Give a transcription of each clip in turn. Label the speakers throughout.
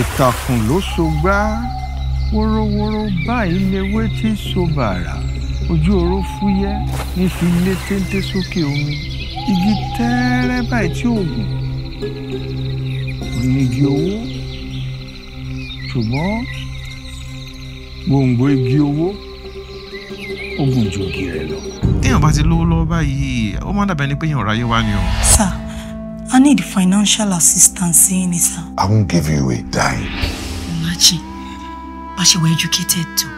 Speaker 1: ìtàkùn ló so gbá wórówóró báyìí
Speaker 2: lewé tí so bàrà ojú oró fúyẹ́ ní fi lé téńté sókè
Speaker 3: omi igi tẹ́ẹ́rẹ́ báyìí tí oògùn
Speaker 1: onígi owó
Speaker 4: ṣùgbọ́n gbòǹgbò igi owó oògùn ju ògì lọ. téèyàn bá ti lówó lọ́wọ́ báyìí ó má dàbẹ́ ni pé èèyàn ọ̀rọ̀ ayé wa ni o.
Speaker 5: sáà I need financial assistance eh, in it, sir.
Speaker 4: I
Speaker 3: won't give you a dime.
Speaker 5: Machi, but she was educated too.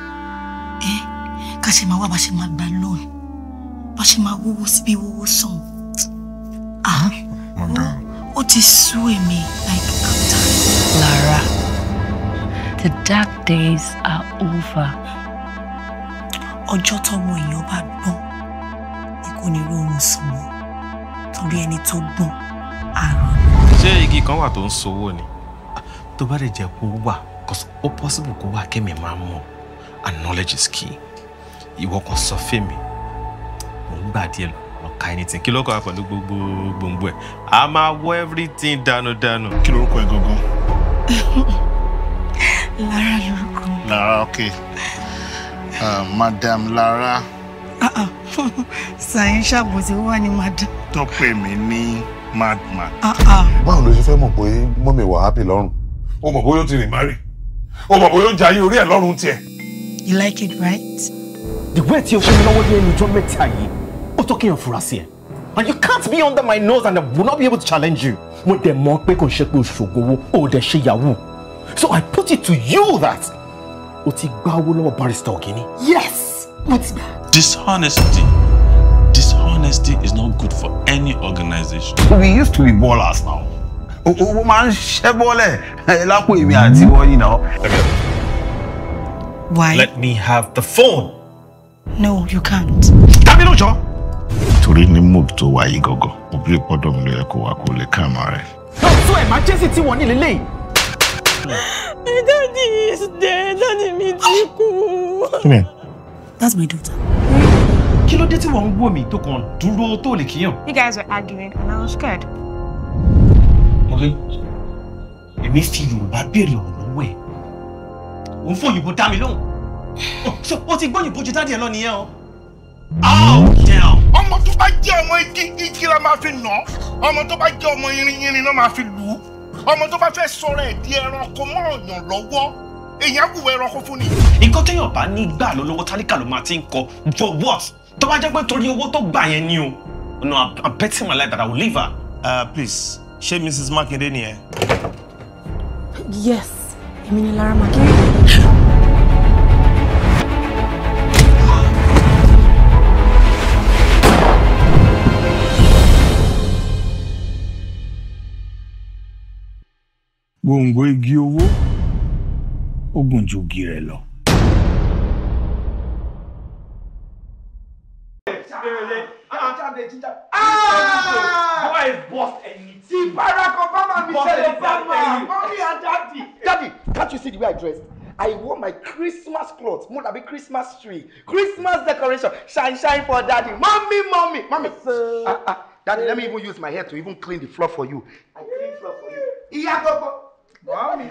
Speaker 5: Eh? Because ṣe máa wá bá ṣe máa gba loan. Bá ṣe máa wówó síbi wówó
Speaker 1: Ah. My girl.
Speaker 5: What is suing me like I'm Lara, the dark days are over. Ojo tọ́mọ in your bad bone. kò ní rí oorun sùn To Torí ẹni tó gbọ́n àrùn.
Speaker 4: ṣé igi kan wà tó ń sowó ni tó bá lè jẹ́ kó wà ó possible kó wà kémi máa mọ̀ and knowledge is key ìwọ kan sọ fèmí mò ń gbà díẹ̀ lọ ka anything kí ló kọ́ pẹ̀lú gbogbo gbòǹgbò ẹ̀ a máa wọ everything dànù dànù. kí lorúkọ ẹ gangan.
Speaker 1: Lara lorúkọ.
Speaker 3: Lara ok uh, madam Lara.
Speaker 5: Ah, ah. Uh sàyẹn ṣàbòsí wà ní madam.
Speaker 3: tó pè mí ní mad man. Ah, ah. báwo ló ṣe fẹ́ mọ̀ pé mọ́mì wà happy lọ́rùn. o mọ̀ bóyá ó ti rìn márì o mọ̀ bóyá ó ń jayé orí ẹ̀ lọ́rùn tiẹ̀. you like
Speaker 4: it right. ìwé tí o fún mi lọ́wọ́ ní ẹnu ọjọ́ mẹ́ta yìí ó tó kéèyàn fura sí ẹ̀ and you can't be under my nose and I will not be able to challenge you. mo dẹ̀ mọ̀ pé kò ń ṣe pé oṣoògùn owó o dẹ̀ ṣe yahoo so I put it to you that o ti gbá owó lọ́wọ́ barrister
Speaker 3: Ògìní.
Speaker 1: yes
Speaker 3: dishonesty honesty is not good for any organization.
Speaker 4: we used to be ballers now. owó máa ń ṣẹ́ bọ́lẹ̀ lápò èmi àti wọ́nyí náà.
Speaker 5: why.
Speaker 3: let me have the phone.
Speaker 5: no you can't. tàbí lójọ́.
Speaker 3: torí ní mood tó wáyé gọ́gọ́ òbí ìpọ́dọ̀ mi ló yẹ kó wá kó lè ká àmà rẹ̀.
Speaker 4: lọ́sọ̀ ẹ̀ máa jẹ́sì tí wọ́n ní lélẹ́yìí. My daddy is dead. Daddy, me too. Come here. That's my daughter kí ló dé tí wọ́n ń wò mí tó kàn dúró tó lè kíyàn.
Speaker 6: you guys were arguing and I was scared.
Speaker 3: ọ̀rẹ́
Speaker 4: èmi fi yorùbá béèrè ọ̀rọ̀ lọ́wọ́ ẹ̀ ò ń fòyìnbó dá mi lóhùn o ti gbọ́yìnbó ju dáàdì ẹ̀ lọ nìyẹn o.
Speaker 1: ọmọ
Speaker 4: tó bá jẹ́ ọmọ igi igi la máa fi nà ọmọ tó bá jẹ́ ọmọ irin irin náà máa fi lù ú ọmọ tó bá fẹ́ sọ̀rọ̀ ẹ̀ di ẹranko mọ́ ọ̀yàn lọ́wọ́ èyí á wù ẹranko fún ni. nǹkan téèyàn bá ní gbà lọ́wọ́ tálíkà ló máa ti ń kọ for what tó bá jẹ́ pé torí owó tó gbà yẹn ni o no i'm, I'm betting my life that i will leave her. Uh, please ṣé mrs makinde ni ẹ.
Speaker 5: yes èmi ni lara makinde.
Speaker 4: gbòǹgbò igi owó ó gùn ju
Speaker 3: ògì rẹ̀ lọ.
Speaker 1: Ah! ah, ah! Boy
Speaker 4: is boss anything. See Barack Obama, Michelle Obama, mommy and daddy. Daddy, can't you see the way I dressed? I wore my Christmas cloth, more than a Christmas tree, Christmas decoration, shine, shine for daddy. Mommy, mommy, mommy. Sir. Uh, uh, daddy, let me even use my hair to even clean the floor for you.
Speaker 1: I clean floor for you. Iya, go,
Speaker 4: go. Mommy.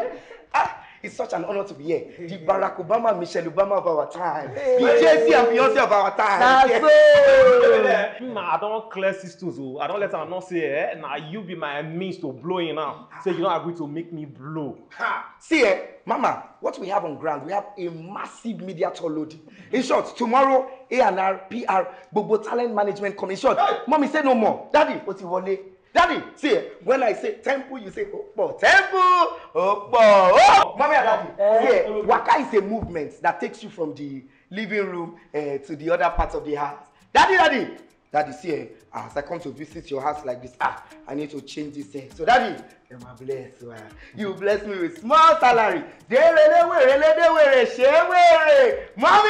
Speaker 4: Uh, It's such an honor to be here. The Barack Obama, Michelle Obama of our time. The JC and Beyonce of our time. That's it. nah, I don't clear sisters. Oh. I don't let her not say, eh? Now you be my means to blowing now. Say so you don't agree to make me blow. Ha. See, eh? Mama, what we have on ground, we have a massive media tour load. In short, tomorrow, A&R, PR, Bobo Talent Management Commission. Hey. Mommy, say no more. Daddy, ó ti wọlé. Daddy, see, when I say temple, you say Okpo. Oh, temple, Okpo. Oh, oh! Mommy and Daddy, see, eh, Waka is a movement that takes you from the living room uh, to the other part of the house. Daddy, Daddy, Daddy, see, eh, as I come to visit your house like this, ah, I need to change this. thing. So, Daddy,
Speaker 6: am I blessed? Uh,
Speaker 4: you bless me with small salary. Mommy,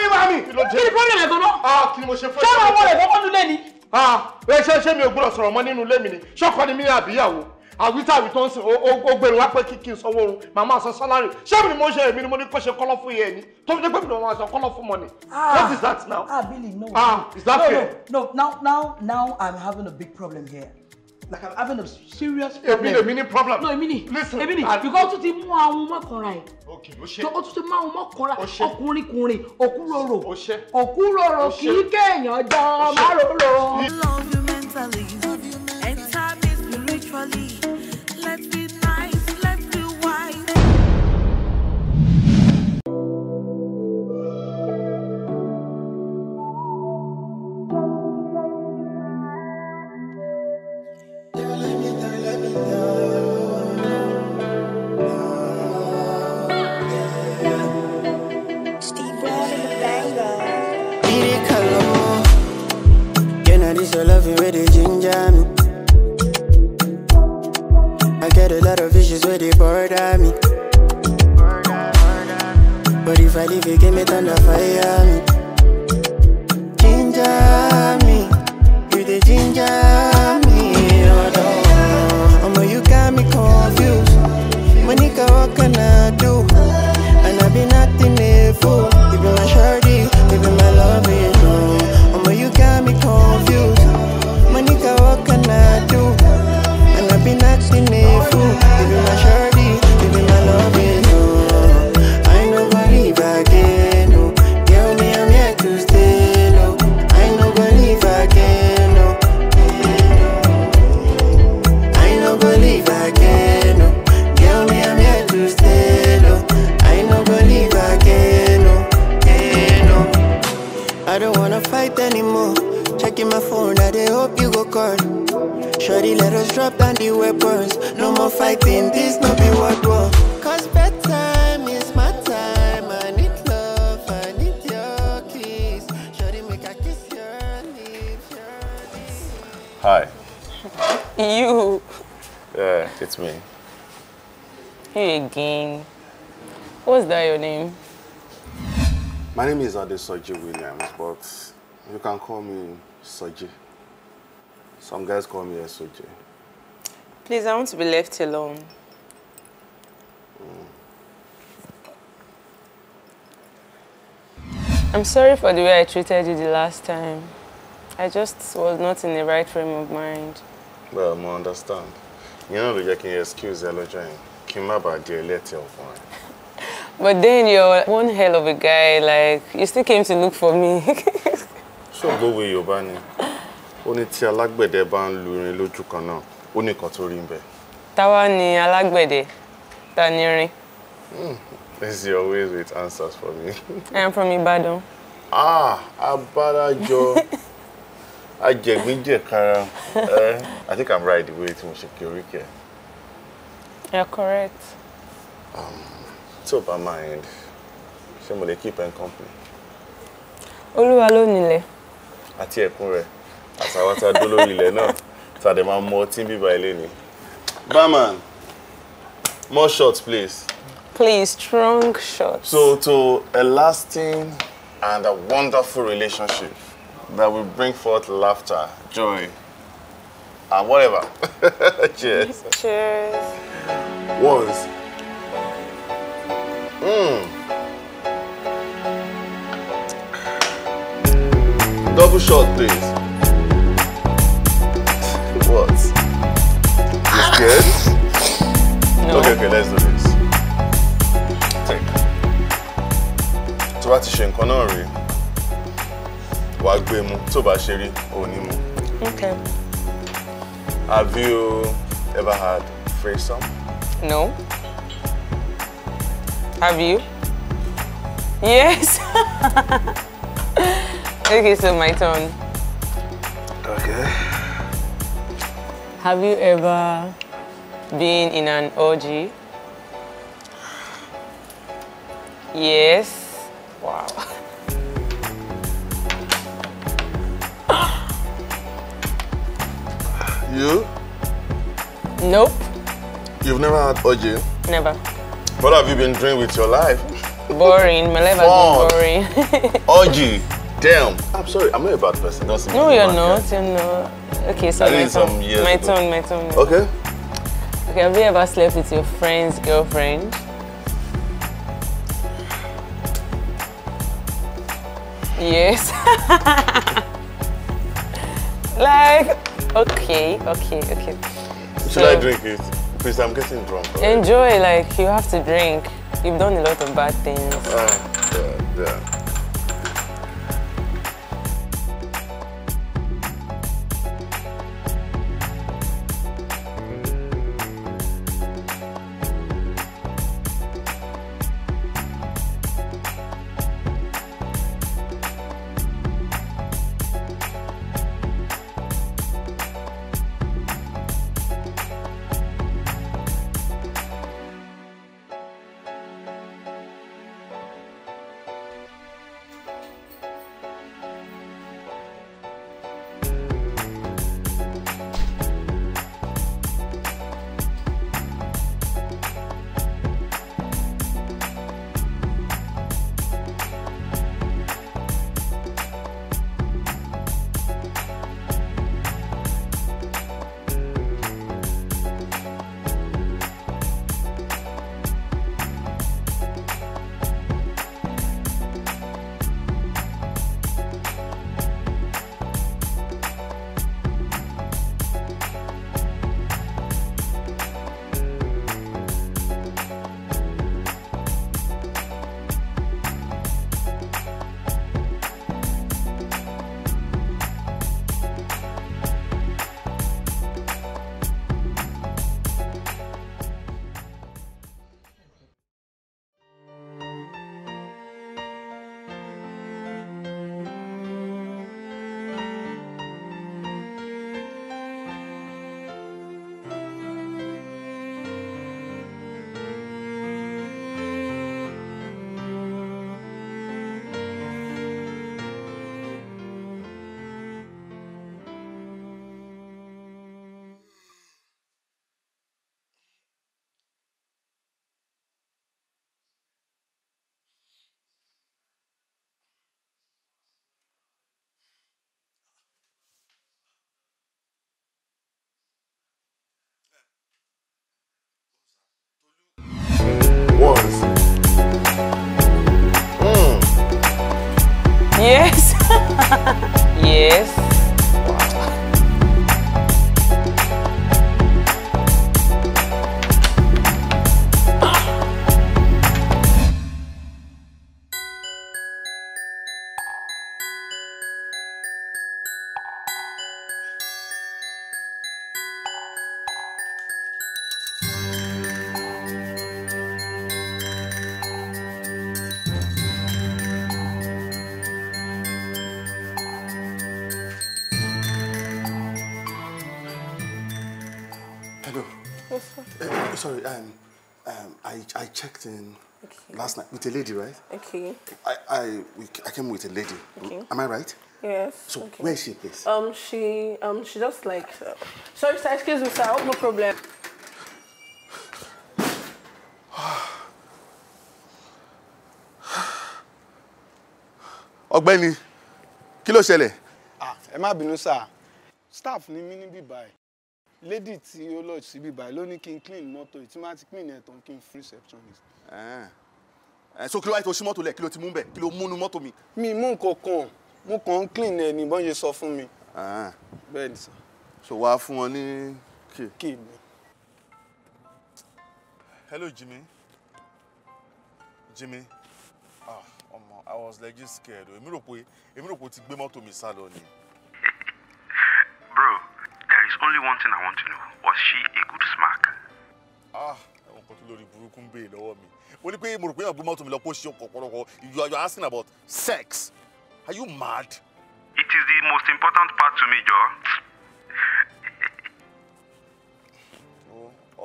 Speaker 4: mommy. Kí ni problem ẹ̀ gan-an? Ah, kí ni mo ṣe fún ẹ? Ṣé àwọn ọmọ rẹ̀ kọ́kọ́ dúlé ni? Ah, ẹ ṣe ṣé mi ò gbọ́dọ̀ sọ̀rọ̀ mọ́ nínú ilé mi ni ṣọ́kọ ni mi àbíyàwó àwítàwí tó ń sìn ó gbèrú wá pé kí n sanwó oorun màmá sọ sálárì ṣé mi ni mo ṣe èmi ni mo ní kó ṣe kọ́lọ́ fún yẹn ni tó fi dé pé mi ni mo máa sọ kọ́lọ́ fún money.
Speaker 5: Ah, what is that now. ah Billy no. ah is that no, fair. no no now now now I'm having a big problem here like i'm having a serious problem. èmi ni èmi ni problem. no èmi ni èmi because o ti mú àwọn ọmọ kan ra ẹ. ok o ṣe. o tún ti mú àwọn ọmọ Oshé. ra ọkùnrin kùnrin òkúròrò òkúròrò kì í kéèyàn jọ
Speaker 1: márùrò. love you mentally, enter me spiritually.
Speaker 2: your loving with the ginger me. I get a lot of issues where they border me. But if I leave, you give me thunder fire me. Ginger me, you the ginger me. Oh no, oh, you got me confused. Monica, what can I do? the weapons. No more fighting, this no be what war. Cause bedtime is my time. I need love, I need your kiss. Shorty make a kiss your lips,
Speaker 1: Hi.
Speaker 6: you.
Speaker 3: Yeah, it's me.
Speaker 6: Hey, again. What's that your name?
Speaker 3: My name is Adesoji Williams, but you can call me Soji. Some guys call me SOJ.
Speaker 6: Please, I want to be left alone. I'm sorry for the way I treated you the last time. I just was not in the right frame of mind.
Speaker 3: Well, I understand. You know, you can excuse Elojoin. Kimba ba dear letter of mine.
Speaker 6: But then you're one hell of a guy, like, you still came to look for me.
Speaker 3: so go with your bunny. Only tí lagbe bá ban lu irin lójú kan ó ní nǹkan tó rí ń bẹ.
Speaker 6: táwa ni alágbẹ̀dẹ ta ni rin. Hmm,
Speaker 3: this is always with answers for me.
Speaker 6: I am from Ibadan. ah abárájọ
Speaker 3: ajẹ̀gbíjẹ̀kara eh, I think I am right the way tí mo ṣe kí orí kẹ.
Speaker 6: you're correct.
Speaker 3: Um, tí ò bá mind ṣé mo lè keep em company.
Speaker 6: olúwa ló nílẹ̀.
Speaker 3: àti ẹ̀kún rẹ̀ àtàwọn tá a dó lórí ilẹ̀ náà tàdé máa mú ọtí bíbá ilé ni. barman more shots please.
Speaker 6: please strong shots.
Speaker 3: so to a lasting and a wonderful relationship that will bring forth laughter joy and whatever. cheers.
Speaker 6: cheers. once.
Speaker 3: Mm. Double shot, please. What? You scared? No. Okay, okay, let's do this. Take. Tó bá ti ṣe nǹkan náà rí, wàá gbé e mu. Tó bá ṣe rí, mu. Okay. Have you ever had threesome?
Speaker 6: No. Have you? Yes. okay, so my turn.
Speaker 1: Okay.
Speaker 6: Have you ever been in an orgy? Yes. Wow.
Speaker 3: You? Nope. You've never had orgy? Never. What have you been doing with your life?
Speaker 6: Boring. My life has been boring.
Speaker 3: orgy. Damn. I'm sorry. I'm not a bad person. That's no, you're not.
Speaker 6: You're not. Okay, so my turn. My, turn. my turn. My Okay. Okay. Have you ever slept with your friend's girlfriend? Yes. like, okay, okay, okay. Should so, I
Speaker 3: drink it? Please, I'm getting drunk. Already.
Speaker 6: Enjoy, like, you have to drink. You've done a lot of bad things. Ah, yeah, yeah. yes. With a lady, right? Okay.
Speaker 3: I, I, I came with a lady. Okay. Am I right?
Speaker 6: Yes. So okay. where is she, please? Um, she, um, she just like. Uh, sorry, sir. Excuse me, sir. no problem.
Speaker 3: ọ̀gbẹ́ni kí ló ṣẹlẹ̀. Ah, ẹ má bínú sá staff ni mí níbí báyìí lady tí ó lọ síbí báyìí ló ní kí n clean mọ́tò ìtí má ti clean ẹ̀ tán kí n free receptionist. Ah. Eh, so kí ló wáyé tó ṣí mọ́tò lẹ̀ kí ló ti mú bẹ̀ kí ló múnú mọ́tò mi. mi mú nǹkan kan mo kàn ń clean ẹ ní bọ́n ṣe sọ fún mi. Ah. bẹ́ẹ̀ ni sọ. so wàá fún wọn ní kì. ni. hello Jimmy Jimmy ah ọmọ I was just scared èmi rò pé èmi rò pé o ti gbé mọ́tò mi sá lọ ni.
Speaker 1: bro there is only one thing I want to know was she a good smack.
Speaker 3: ah nǹkan tó lórí burúkú ń béè lọ́wọ́ mi ó ní pé mo rò pé èèyàn mọ́tò mi lọ pé ó ọ̀pọ̀lọpọ̀ you are asking about sex are you mad.
Speaker 1: it is the most important part to me jọ.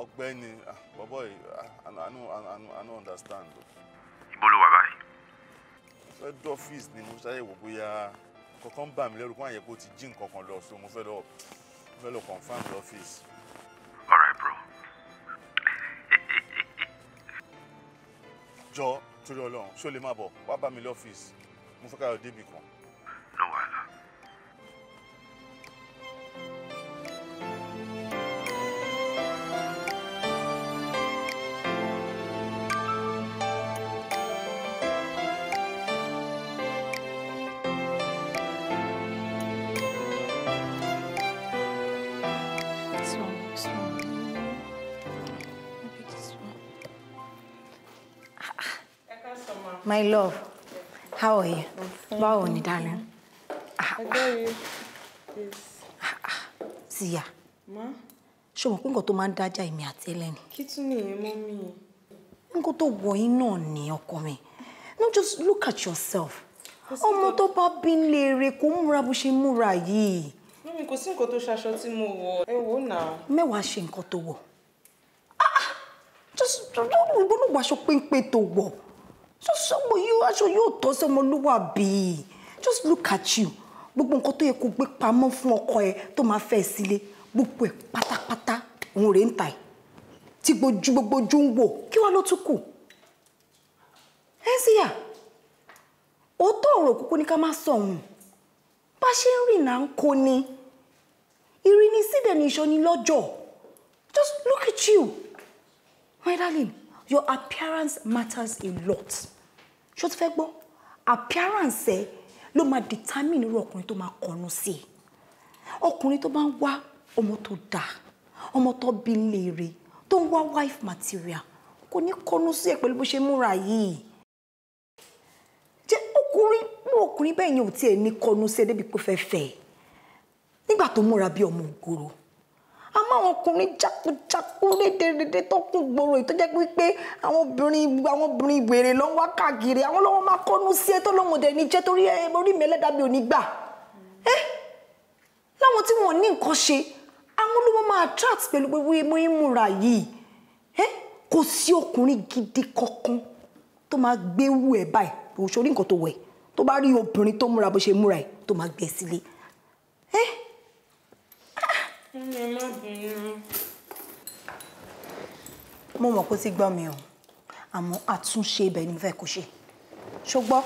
Speaker 3: ọ̀gbẹ́ni ah, bọbọ ah, i no understand. ibo ló wà báyìí. fẹ́ dọ́fíìsì ni mo ṣàyẹ̀wò bóyá kankan bà mí lẹ́rù kó àyẹ̀kó ti jí nǹkan kan lọ so mo fẹ́ lọ confirm the office. jọ torí Ọlọ́run ṣó lè má bọ̀ wá bá mi lọ́fíìsì mo fẹ́ ká yọ débì
Speaker 1: kan.
Speaker 5: My love, how are you? Báwo you darling?
Speaker 1: Ah, ah. Yes. Ah, ah.
Speaker 5: Zia. Ma? Ṣé o mọ̀ pé nǹkan tó máa ń dájà èmi àti ẹlẹ́ni? Kí tún nìyẹn mọ́ mi? Nǹkan tó wọ̀ yín náà ni ọkọ mi. No just look at yourself. Ọmọ tó bá bí ń léèrè kó múra bó ṣe múra yìí.
Speaker 6: Mọ́mi kò sí nǹkan tó ṣaṣọ tí mo wọ̀.
Speaker 5: Ẹ wò ó nà. Mẹ́wàá just nǹkan tó wọ̀. Ah, ah. Just don't gbọ́dọ̀ wàṣọ péńpé tó wọ̀ just sọmọ yóò aṣọ yóò tọ́ sí ọmọlúwàbí just look at you gbogbo nǹkan tó yẹ kó gbé pamọ́ fún ọkọ ẹ tó máa fẹ́ sílé gbogbo ẹ pátápátá òun rèé ń ta ẹ tí gbojú gbogbo ojú ń wò kí wàá ló tún kù ẹ sì yà òótọ́ ọ̀rọ̀ òkúkú ni ká má sọ òun bá ṣe ń rìn náà ń kó ni ìrìn ní sídẹ̀ ní ìṣọ́ni lọ́jọ́ just look at you my darling your appearance matters a lot ṣó ti fẹ́ gbọ́ appearance ẹ ló máa determine irú ọkùnrin tó máa kọnu sí ọkùnrin tó bá ń wá ọmọ tó dáa ọmọ tó bí léèrè tó ń wá wife material kò ní kọnu sí ẹ pẹ̀lú bó ṣe múra yìí jẹ́ ọkùnrin mú ọkùnrin bẹ́ẹ̀ yẹn ò tiẹ̀ ní kọnu sí ẹ débi pé fẹ́ fẹ́ nígbà tó múra bí ọmọ ògoro àmọ́ àwọn ọkùnrin jákujáku rédèrèdè tó kún gbòòrò yìí tó jẹ́ pé àwọn obìnrin àwọn obìnrin ìwèrè ló ń wá káàkiri àwọn lọ́wọ́ máa kọ́nu sí ẹ tó lóun dẹ̀ ní jẹ́ torí ẹ orí mi ẹlẹ́dàá mi ò ní gbà ẹ́ láwọn tí wọ́n ní nǹkan ṣe àwọn ló máa attract pẹ̀lú gbogbo imú ìmúra yìí ẹ́ kò sí ọkùnrin gidi kankan tó máa gbé wù ẹ̀ báyìí òṣòrí nǹkan tó wẹ̀ tó bá rí obìnrin tó múra bó ṣe múra ẹ̀ tó máa gbé sílé mo mọ̀ kó ti gbọ́ mi o àmọ́ àtúnṣe ibẹ̀ ni mo fẹ́ kó ṣe ṣùgbọ́n.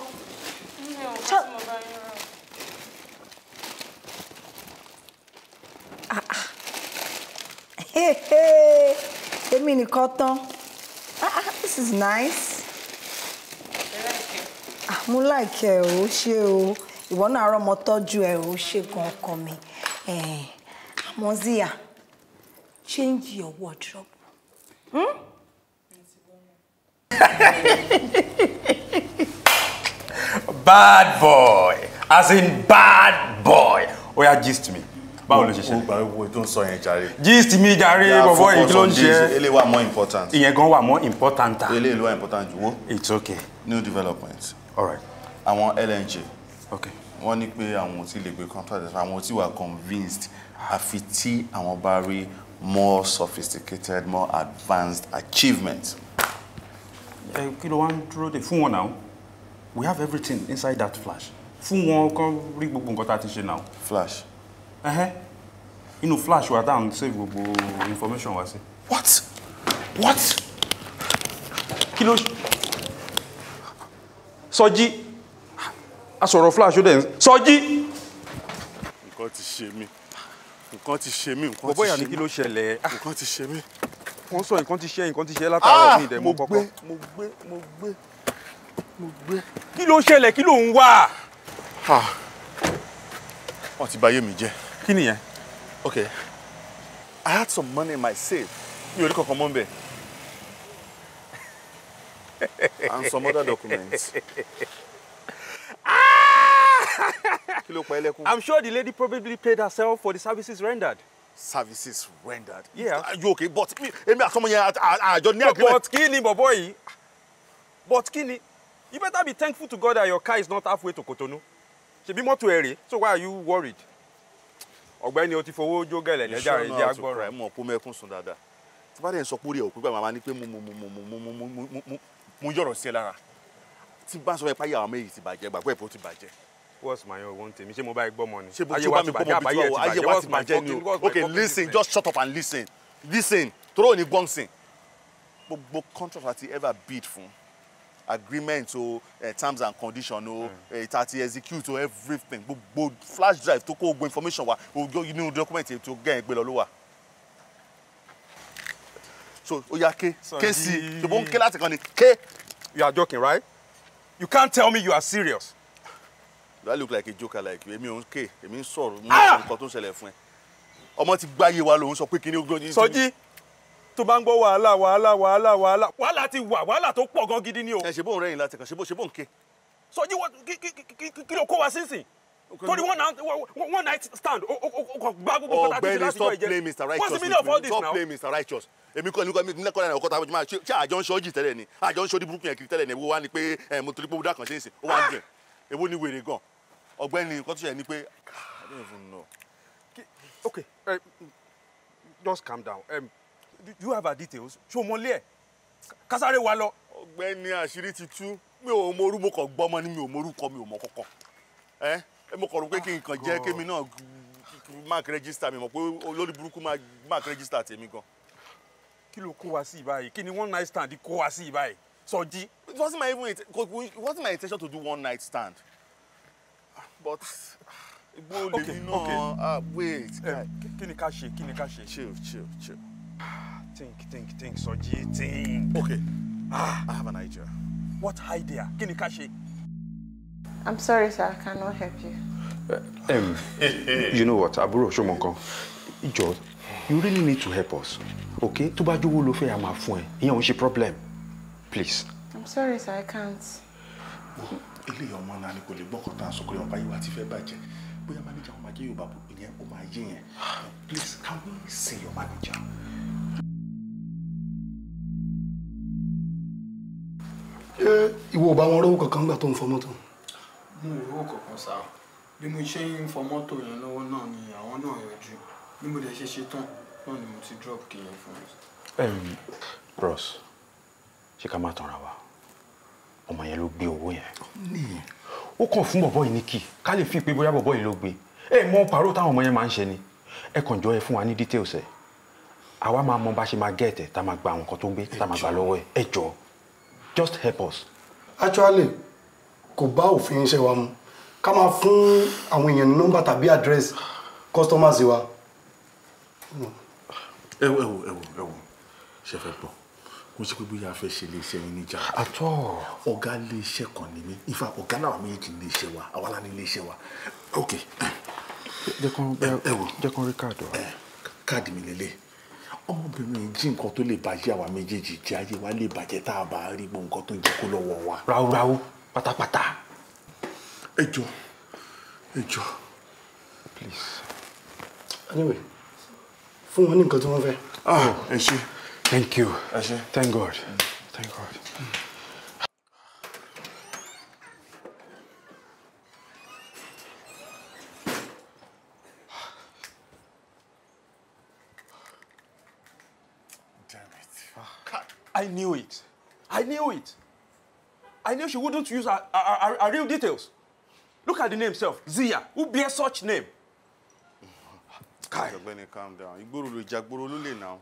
Speaker 5: èmi nìkan tán this is nice. Ah, mo like ẹ o ṣé o ìwọ náà rọmọ tọ́jú ẹ o ṣé gan mi. Mozia, change your wardrobe. Hmm?
Speaker 2: bad boy,
Speaker 3: as in bad boy. Oya gist me. Báwo ló ṣe ṣe? Mo gbà wípé Gist me, jàre bọ̀bọ̀ yìí kí ló ń ṣe? Eléyìí more important. Ìyẹn gan wà more important. Eléyìí ló wà important jù It's okay. New developments. All right. I want LNG. Okay. Wọ́n ní pé àwọn ò tí lè gbé contract àwọn ò tí wà convinced àfi tí àwọn bá rí more sophisticated more advanced achievement. ẹ kí ló wá ń dúró de fún wọn náà we have everything inside that flash fún wọn kọ́ rí gbogbo nǹkan tá a ti ṣe náà. flash. Uh-huh. inú flash wa dáhùn save gbogbo information wa sí. what what kí ló sọjí a sọ̀rọ̀ flash ó dẹ̀ sọjí. nǹkan ti ṣe mí nǹkan ti ṣe mí nǹkan ti ṣe mí. bọ́bọ́ ìyàní kí ló ṣẹlẹ̀. Ah. nǹkan ti ṣe mí. wọ́n sọ nǹkan ti ṣe nǹkan ti ṣe látàárọ̀ ah! mi ìdẹ̀ mo kọ́kọ́. mo gbé mo gbé mo gbé. kí ló ṣẹlẹ̀ kí ló ń wá. wọ́n ti bayé mi jẹ́. kí nìyẹn. okay i had some money in my safe mi ò rí kankan mọ́ bẹ́ẹ̀. and some other documents. Ah! I'm sure the lady probably paid herself for the services rendered. services rendered. yeah. are you okay but èmi àtọmọ yẹn àjọ ní but Kini, my boy. but Kini, you better be thankful to God that your car is not halfway to Kotonu. Cotonou be more ẹ̀ rè so why are you worried. ọ̀gbẹ́ni o ti fowó jó gẹ̀lẹ̀ lẹ́jà rẹ̀ jẹ́ agbọ́rọ̀. ìṣúná àtúkọ̀ ẹ̀ mọ̀ kó mẹ́kún sùn dáadáa tí bá dẹ̀ ń sọ pé orí ẹ̀ ò pé gbà máa ní pé mo mo mo mo mo mo mo mo mo yọ̀rọ̀ sí ẹ lára tí bá sọ ẹ páyà àwọn méjì ti bàjẹ́ gbàgbọ́ what's my own thing ṣé mo bá gbọ́ mọ ni. ṣé bó tí o mi gbọ́ bí tí o ayé wa ti bàjẹ́ ni o okay listen just shut up and listen listen toro ni gbọ́nsìn gbogbo contract àti ever bid fún agreement o uh, terms and conditions o ìta hmm. eh, ti execute o everything gbogbo flash drive to kó gbogbo information wa ojú inú document to gẹ̀ ẹ́ gbé lọ so ó yá ké ké sí i ṣùgbọ́n ké láti kan ni ké. you are joking right you can't tell me you are serious do look like a joker like you èmi ò ń ké èmi ń sọ̀rọ̀ mú ah! nǹkan tó ń ṣẹlẹ̀ fún ẹ ọmọ ti gbáyé wa lòun sọ pé kíní ogún ọdún. sọjí tó bá ń gbọ́ wàhálà wàhálà wàhálà wàhálà wàhálà ti wà wàhálà tó pọ̀ gan gidi ni o. ẹ ṣe bóun rẹ́yìn láti kàn ṣe bó ṣe bóun ké. sọjí kí ló kó wa sínsìn torí one night stand o kò gbogbo kọta títí láti jọ ìjẹ ọ̀gbẹ́ni stop playing Mr. Righteous stop playing Mr. Righteous èmi ni kọ́ mi lẹ́kọ̀ọ́ náà ọkọ̀ tàbí ṣé àjọ ń ṣọ́ọ́jì tẹ́lẹ̀ àjọ ń ṣọ́ọ́dí tẹ́lẹ̀ ni ewu eh, ń sìn ah! ọ̀gbẹ́ni kọ́tù yẹn ni pé i don't even know. okay just calm down do you have her details ṣé o mọ ilé ẹ̀ kásáré wa lọ. ọ̀gbẹ́ni àṣírí ti tú mi ò mọ orú mo kàn gbọ́mọ ni mi ò mọ orúkọ mi ò mọ kọ́kọ́ ẹ mo kàn rò pé kí n kàn jẹ́ ah, kémi náà mark register mi mọ̀ pé olórí burúkú mark register tèmi gan. kí ló kó wa sí ìbáyìí kí ni one night stand kó wa sí ìbáyìí sọjí. it wasn't my even it wasn't my intention to do one night stand but igbó olè nínú ah wait. Eh, kí ni ká ṣe kí ni ká ṣe. chill chill chill. think think think Soji think. okay ah. I have an idea. what idea kí ni ká ṣe.
Speaker 6: I'm sorry sir I cannot
Speaker 2: help you.
Speaker 3: Uh, um, you know what àbúrò ṣọmọ nǹkan ìjọ you really need to help us okay tó bá jówó ló fẹ́ a máa fún ẹ ìyẹn ò ń ṣe problem please.
Speaker 6: I'm sorry sir I can't
Speaker 3: eléyìí ọmọ náà ni kò lè gbọ́kàn tán sọ pé ọba yìí ti fẹ́ bàjẹ́ bóyá manager wọn máa yorùbá bò ìyẹn ó máa yé yẹn please can we see your manager. ṣé ìwọ ò bá wọn rówó kankan gbà tó ń fọ mọ́tò.
Speaker 1: mo ò rówó kankan sá
Speaker 4: bí mo ṣe ń fọ mọ́tò yẹn lọ́wọ́ náà ni àwọn náà yọjú bí mo dẹ̀ ṣe ṣe tán
Speaker 3: náà ni mo ti drop kí yẹn fún mi. bros ṣé ká má tanra wa ọmọ yẹn ló gbé owó yẹn ó kàn fún bọ̀bọ̀ yìí ní kì ká lè fi pé bóyá bọ̀bọ̀ yìí ló gbé ẹ mọ pàrọ̀ táwọn ọmọ yẹn máa ń ṣe ni ẹ kàn jọ ẹ fún wa ní details ẹ àwa máa mọ bá ṣe máa gẹ̀ẹ́tẹ̀ tá máa gba àwọn nǹkan tó gbé tá máa gbà lọ́wọ́ ẹ ẹ jọ just help us. actually kò bá òfin iṣẹ́ wa mu ká máa
Speaker 4: fún àwọn èèyàn ní nọ́mbà tàbí àdírẹ́sì customers wa.
Speaker 3: ẹ wo ẹ wo ẹ wo ṣe fẹ́ gbọ́ kò sí pé bóyá a fẹ́ ṣe iléeṣẹ́ yín níjà. àtọ́ ọ̀gá iléeṣẹ́ kan ni mí ifá ọ̀gá làwọn méjì ní iléeṣẹ́ wa àwa la iléeṣẹ́ wa ok. jẹ́ kó rí káàdì wa. káàdì mi lélẹ̀ ọmọbìnrin yìí jí nǹkan tó lè bàjẹ́ àwa méjèèjì jẹ́ ayé wa lè bàjẹ́ tá a bá rí gbogbo nǹkan tó ń jẹ́ kó lọ́wọ́ wa. ráúráú pátápátá. ẹ jọ ẹ jọ. please. anyway fún wọn ní nǹkan tí wọ́n fẹ́. Ah, ẹ ṣe. Thank you. Thank God. Thank God. Damn it. I knew it. I knew it. I knew she wouldn't use her, her, her, real details. Look at the name itself, Zia. Who bears such name? Kai. Calm down. Igboro lo jagboro now.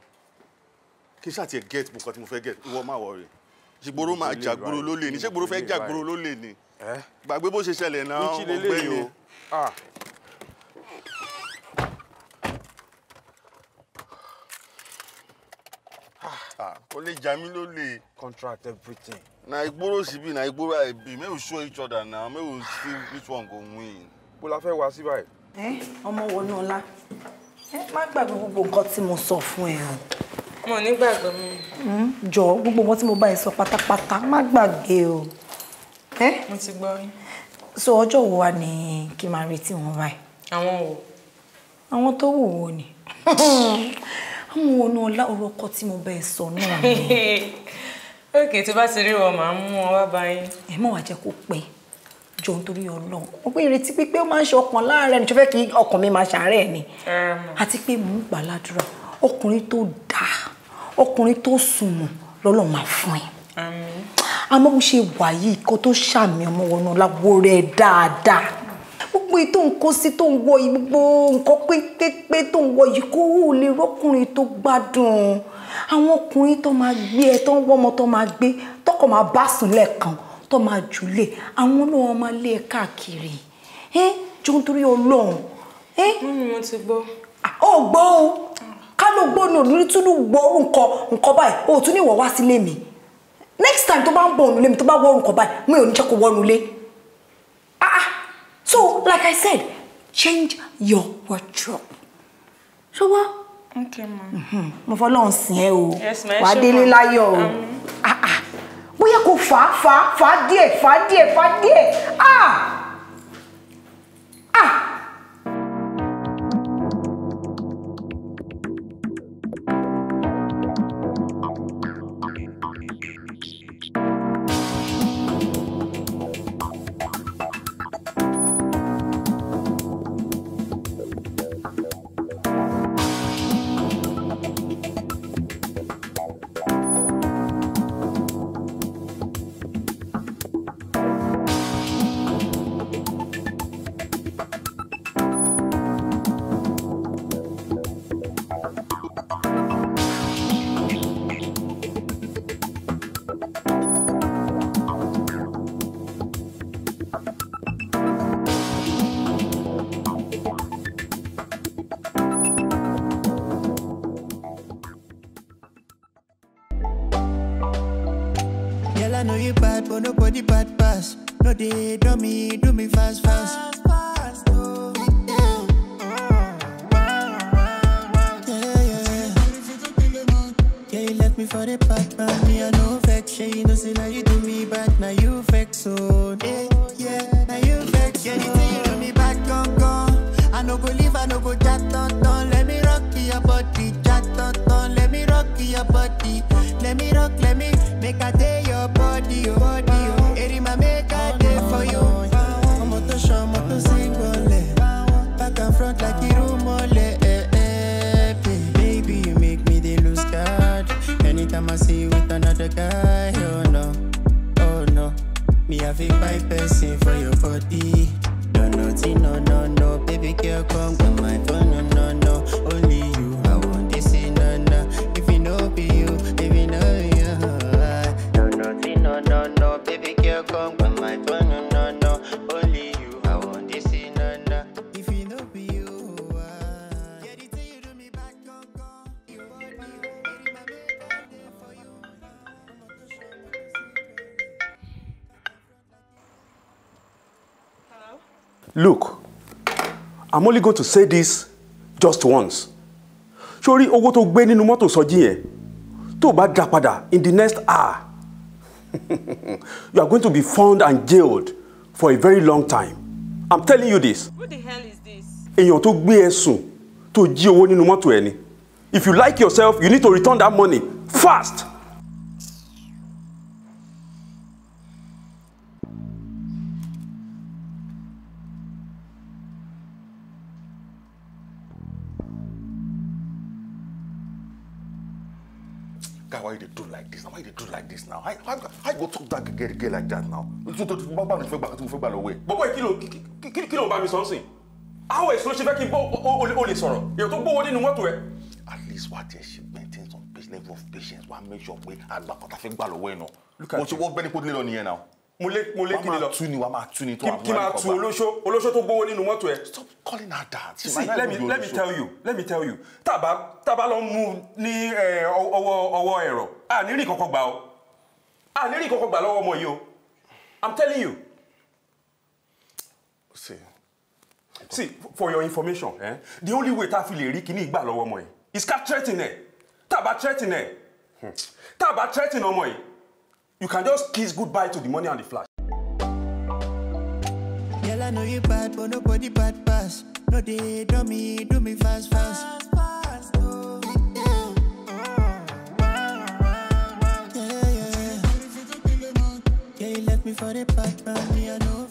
Speaker 3: kí n ṣàtìyẹ get mo kàn tí mo fẹ́ get ìwọ má wọrí ṣègboro máa jà gboro ló lè ní ṣègboro fẹ́ jà gboro ló lè ní gbàgbé bó ṣe ṣẹlẹ̀ náà ọgbẹ́ni. o lè jà mí ló lè. contract everything. na igboro si bi na igboro i bi make we show each other now make we see which one go win. bó la fẹ́ wá sí báyìí.
Speaker 5: ẹ ọmọ wọnú ọlá má gbàgbé gbogbo nǹkan tí mo sọ fún ẹ o
Speaker 6: mo ní gbàgbé mi.
Speaker 5: Hmm? jọ gbogbo wọn tí mo bá ẹ sọ pátápátá má gbàgbé o. mo ti gbọ́ yín. so ọjọ́ wo wà ní kí n máa retí wọn báyìí. àwọn wo. àwọn tó wù wo ni. àwọn wo ni ọlá ọ̀rọ̀ ọkọ tí mo bá ẹ sọ náà ni.
Speaker 6: òkè tó bá ti rí wọn màá mú wọn wá báyìí. ẹ mọ̀ wá jẹ́ kó pẹ́
Speaker 5: jọ nítorí ọlọ́run mo pé ìrètí pípé ó máa ń ṣe ọkàn láàárẹ̀ ni tó fẹ́ kí ọkàn mi máa ṣàárẹ̀ ni àti pé mò ń gbà ládùúrà ọkùnrin tó dáa ọkùnrin tó sùnmù lọ́lọ́ máa fún ẹ. àmọ́ bó ṣe wà yìí kó tó ṣàmì ọmọ wọnú láwo rẹ̀ dáadáa gbogbo èyí tó ń kó sí tó ń wọ yìí gbogbo nǹkan pépépé tó ń wọ yìí kó o lè rọ́kùnrin tó gbádùn àwọn ọkùnrin tó máa gbé ẹ tó ń wọ́mọ tó máa gbé tọkọ máa bá sùn lẹ́ẹ̀kan tó máa jùlẹ̀ àwọn náà máa lé ẹ káàkiri jọ nítorí ọlọ́run. mímu mo ti gbọ́. ó gbọ́ o ah ká ló gbóni òdúrí túnú gbọ́rù nǹkan nǹkan báyìí o tún ní ìwọ wá sílé mi next time tó bá ń bọ̀ ònú lé mi tó bá wọ́rù nǹkan báyìí mi ò ní jẹ́ kó wọ́rù lé ah, ah so like I said change your wardrobe ṣé wá. okay ma. Mm-hmm. mo fọ́ lọ́hùn sìn ẹ́ o wà á délé láyọ̀ o ah ah bóyá kò fà á fà á fà á díẹ̀ fà á díẹ̀ fà á díẹ̀ ah.
Speaker 3: I'm only going to say this just once. Sori owó tó gbé nínú mọ́tò sọjí yẹn tó bá dá padà in the next hour you are going to be found and jailed for a very long time. I'm telling you this. Who the hell is this? Èèyàn tó gbé ẹ sùn tó jí owó nínú mọ́tò ẹ If you like yourself, you need to return that money fast. Why they do like this now why they do like this now how how how go talk that girl girl like that now So so bá bá mi fẹ́ to tó mo away. gbà lọ́wọ́ ẹ̀. bọ́bọ́ yìí kí ló ń bá mi sọ ń sìn àwọn only, ló ṣe fẹ́ kí n bọ́ o lè sọ̀rọ̀ èèyàn tó at least what á tiẹ̀ ṣe some level of patience wà á make sure pé àgbà pàtàkì gbà lọ́wọ́ ẹ̀ náà mo ṣe wọ́n bẹ́ni kó délé on here now mo lé kini lọ wàá máa tu ni wàá máa tu tu olóṣó olóṣó tó gbówó nínú mọ́tò ẹ. stop calling her dad. see let me let me tell you let me tell you tábà tábà lọ mú ní eh, ọwọ́ ọwọ́ ẹ̀rọ à ní ni kọ́kọ́ gbà o à ni rí kọ́kọ́ gbà lọ́wọ́ ọmọ yìí o i'm telling you. see see for your information eh, the only way tá fi lè rí kíní ìgbà lọ́wọ́ mo yìí is ká threaten ẹ threatening. threaten ẹ hmm, tábà threaten ọmọ yìí You can just kiss goodbye to the money and the flash. Girl,
Speaker 2: I know you bad, but nobody bad pass. No, they do me, do me fast, fast. fast, fast oh. Yeah, you left you know,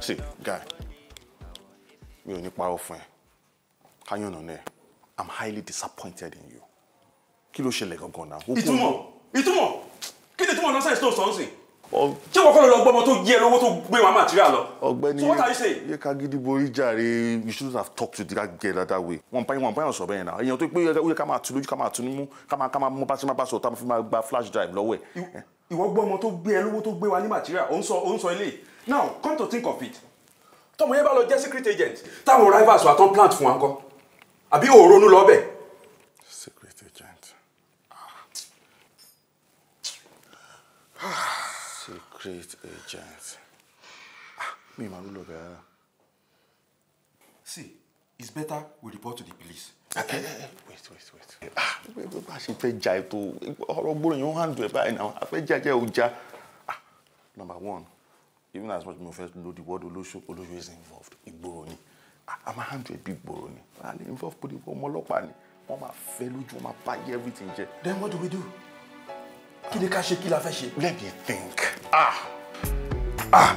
Speaker 3: see guy, mi ò ní parọ́ fún ẹ. I'm highly disappointed in you. Kí ló ṣẹlẹ̀ gangan náà? Ìtumọ̀ ìtumọ̀ kí ni ìtumọ̀ nọ́sẹ̀ tó sọ́ọ̀sì ṣé wọ́n kọ́ lọ gbọ́mọ tó yẹ lówó tó gbé wa material lọ. ọ̀gbẹ́ni yé ká gidi borí jàre you should have talked to that girl that way. wọn báyìí wọn báyìí sọ bẹ́ẹ̀ náà èèyàn tó pé ó yẹ ká máa tu lójú ká máa tu nímú ká máa ká máa mú báṣẹ máa bá sọ tá a fi máa gba flash drive lọ́wọ́ ẹ̀. ìwọ gbọ́mọ tó gbé ẹ lówó tó gbé wa ní material ò ń sọ ò ń sọ ilé now come to think of it tọmọ yẹn bá lọ jẹ́ secret agent táwọn rivals wà tán plant fún wa ńkọ́ àbí òòrónú lọ́bẹ̀ẹ́ Create uh, a Ah, Me ì máa ló lọ See, it's better we report to the police. Eh, okay. Eh, eh, wait wait wait. ah bí a ṣe fẹ́ to ètò ọ̀rọ̀ gbóòrò yẹn to hàn dùn ẹ̀ báyìí náà a fẹ́ ja ah, number one even as much as mo first know the word olóṣù olóṣù is involved ìgboro ni a máa hàn a lè involve poli ọmọ ọlọ́pàá ni wọ́n máa fẹ́ lójú wọn máa bá yẹ everything then what do we do. Qui le ká qui la fait ṣe. let me think ah ah.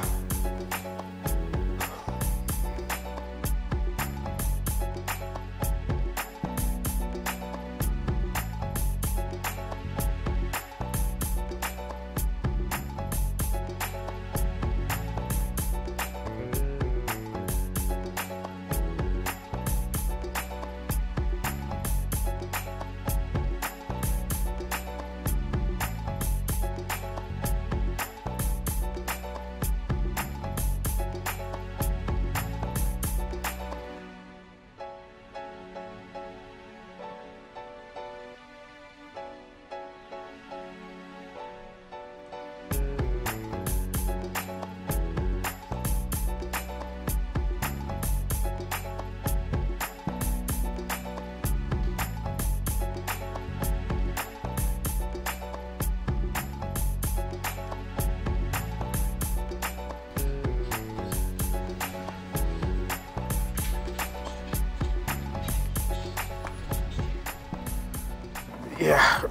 Speaker 3: Yeah.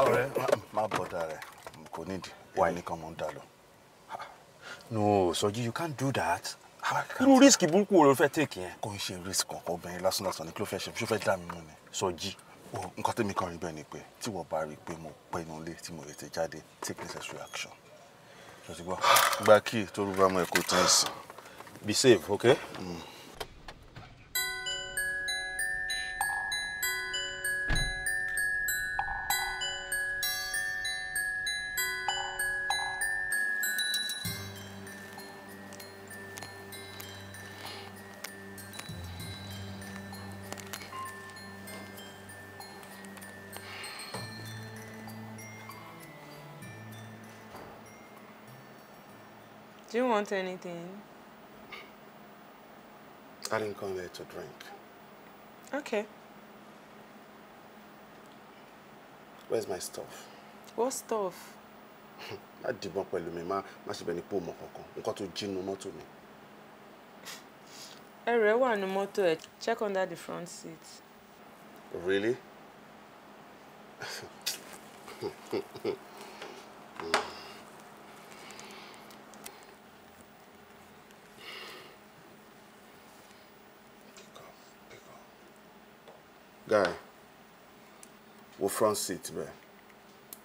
Speaker 3: Ọ̀rẹ́ má bọ̀dà rẹ̀ kò nídìí. Why? Èmi nìkan mò ń dà lọ. No, Sọjí, you can't do that. Ah, Irú rísìkì burúkú wo ló fẹ́ tèkì yẹn? Kò ń ṣe rísìkì kankan obìnrin lásán lásán ni kí ló fẹ́ ṣe ṣó fẹ́ dà mí mú ni. Sọjí. O oh, nǹkan tẹ́mi kan rí bẹ́ẹ̀ ni pé tí wọ́n bá rí i pé mo pẹ́ inú ilé tí mo lè tẹ̀ jáde take necessary action. Ṣé o gbọ́? Gba kí torúbámu ẹ̀kọ́ tẹ́ǹsì. Be safe, okay? Mm. want anything? I didn't come here to drink. Okay. Where's my stuff?
Speaker 6: What stuff?
Speaker 3: Má dìbọn pẹ̀lú mi, má má ṣe bẹ́ẹ̀ ni pò mọ̀ kankan. Nǹkan tó jínú mọ́tò mi.
Speaker 6: Ẹrù ẹ wà ní mọ́tò ẹ̀. Check under the front seat.
Speaker 3: Really? guy wo front seat bẹ́ẹ̀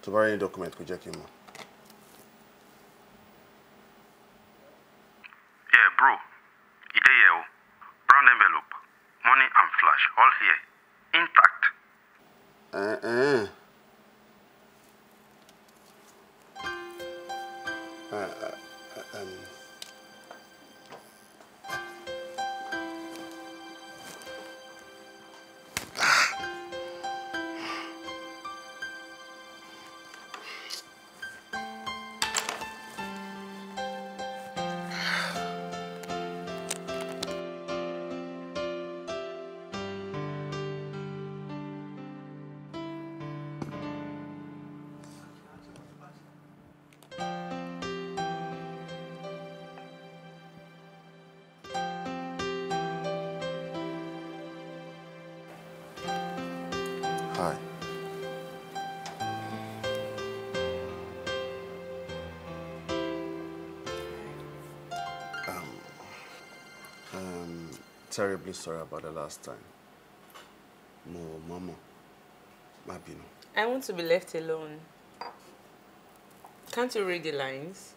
Speaker 3: tó bá rí ní document kò jẹ́ kí n mọ̀. terribly sorry about the last time. No, mama. má bínú.
Speaker 6: I want to be left alone. Can't you read the lines?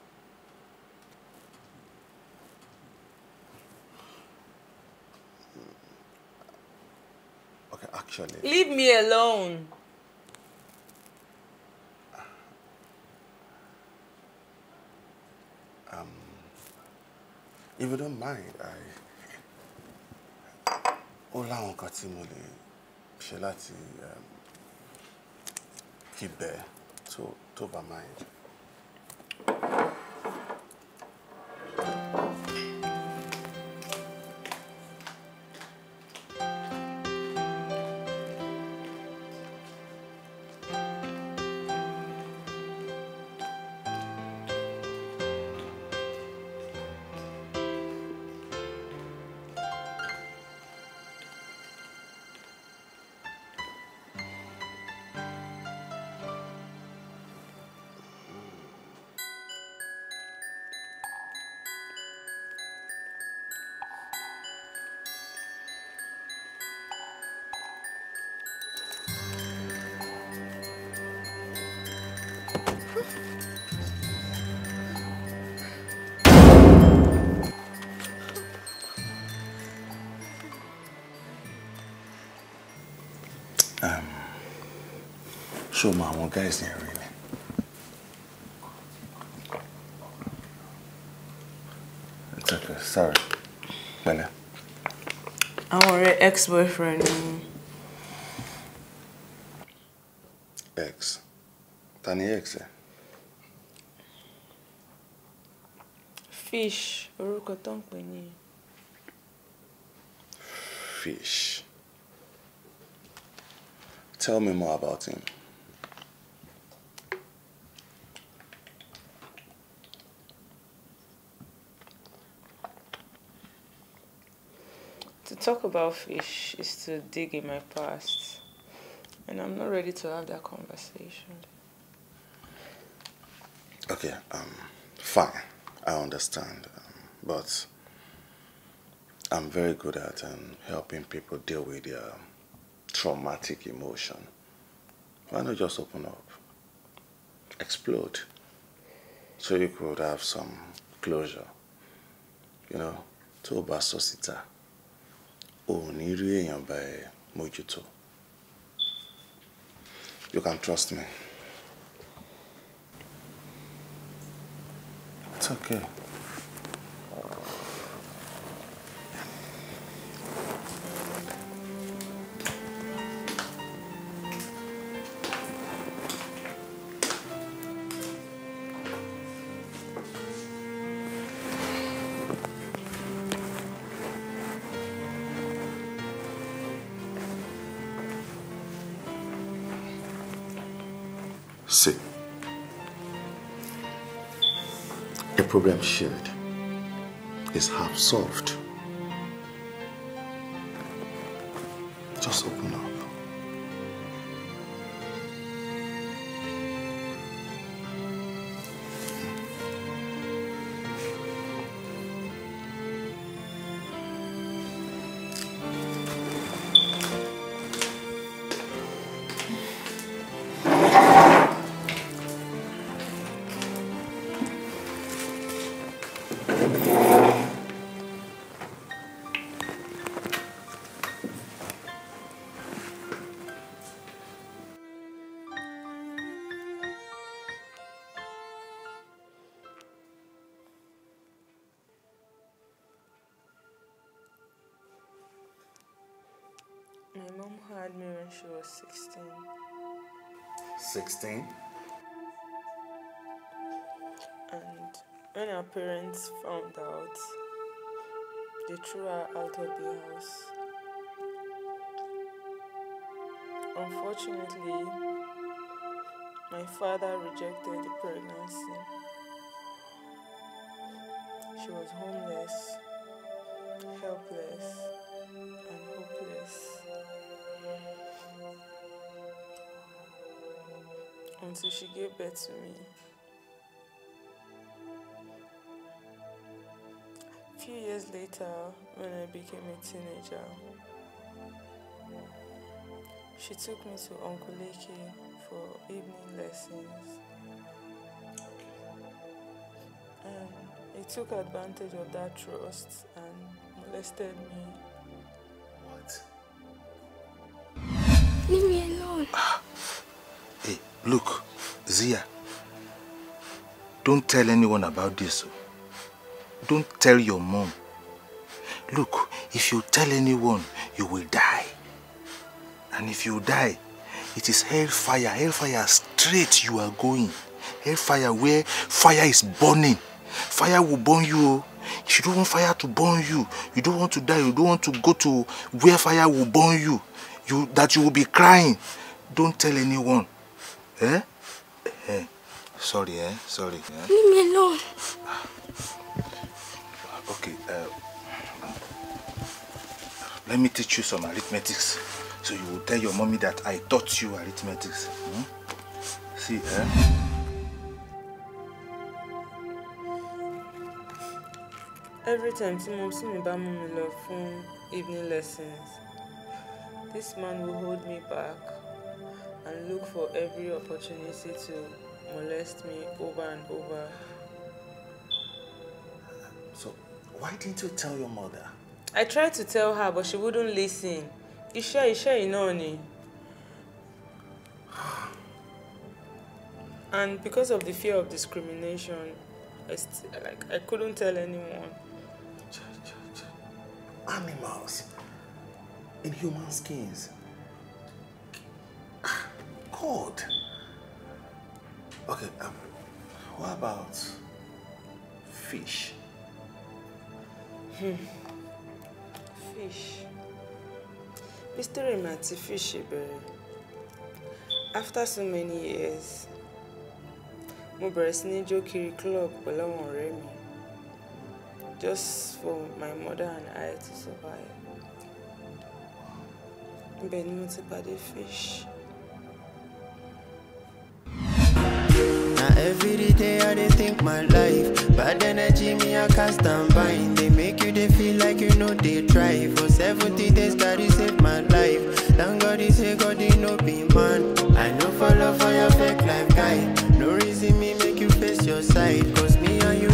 Speaker 6: Okay, actually. Leave me alone.
Speaker 3: Um, if you don't mind, I ó láwọn kan tí mo lè ṣe láti kíbẹ̀ ehm, tó bá máa yẹn. Show mọ one guys yẹn really. ni. okay, sorry. Pẹ̀lẹ́.
Speaker 6: Àwọn ọ̀rẹ́ ex-boyfriend
Speaker 3: Ex. Ta ni ex eh?
Speaker 6: Fish, orúkọ tó ń pè
Speaker 3: Fish. Tell me more about him.
Speaker 6: talk about fish is to dig in my past, and I'm not ready to have that conversation.
Speaker 3: Okay, um, fine, I understand, um, but I'm very good at um, helping people deal with their traumatic emotion. Why not just open up, explode, so you could have some closure, you know, to basosita. ò ní rí èèyàn bá mójútó you can trust me it's okay. problem shared is half solved. Just open 16.
Speaker 6: And when her parents found out, they threw her out of the house. Unfortunately, my father rejected the pregnancy. She was homeless, helpless. until she gave birth to me. A few years later, when I became a teenager, she took me to Uncle Leke for evening lessons. And he took advantage of that trust and molested me. What?
Speaker 1: Leave me alone.
Speaker 3: Look, Zia, don't tell anyone about this. Don't tell your mom. Look, if you tell anyone, you will die. And if you die, it is hellfire, hellfire straight you are going. Hellfire where fire is burning. Fire will burn you. If you don't want fire to burn you, you don't want to die, you don't want to go to where fire will burn you, you that you will be crying. Don't tell anyone. Eh? Eh. Sorry, eh? Sorry. Eh? Leave me alone. Okay. Uh, let me teach you some arithmetics. So you will tell your mommy that I taught you arithmetics. Hmm?
Speaker 1: See, eh?
Speaker 6: Every time tí mom sí mi bá mú mi lọ evening lessons, this man will hold me back. and look for every opportunity to molest me over and over. So, why didn't you tell your mother? I tried to tell her, but she wouldn't listen. Isha, iṣẹ́ know ni. And because of the fear of discrimination, I, like, I couldn't tell anyone. Animals
Speaker 3: in human skins cold. Okay, um, what about fish?
Speaker 6: Hmm. Fish. Mr. Mati Fish, after so many years, mo bẹ̀rẹ̀ sí ní jó kiri club pẹ̀lú àwọn ọ̀rẹ́ just for my mother and I to survive.
Speaker 2: Ibẹ̀ ni mo ti pàdé fish. Now every day I they think my life. Bad energy me I cast stand by. They make you they feel like you know they try. For 70 days God he saved my life. Thank God he say God he no be man. I no follow for your fake life guy. No reason me make you face your side. Cause me and you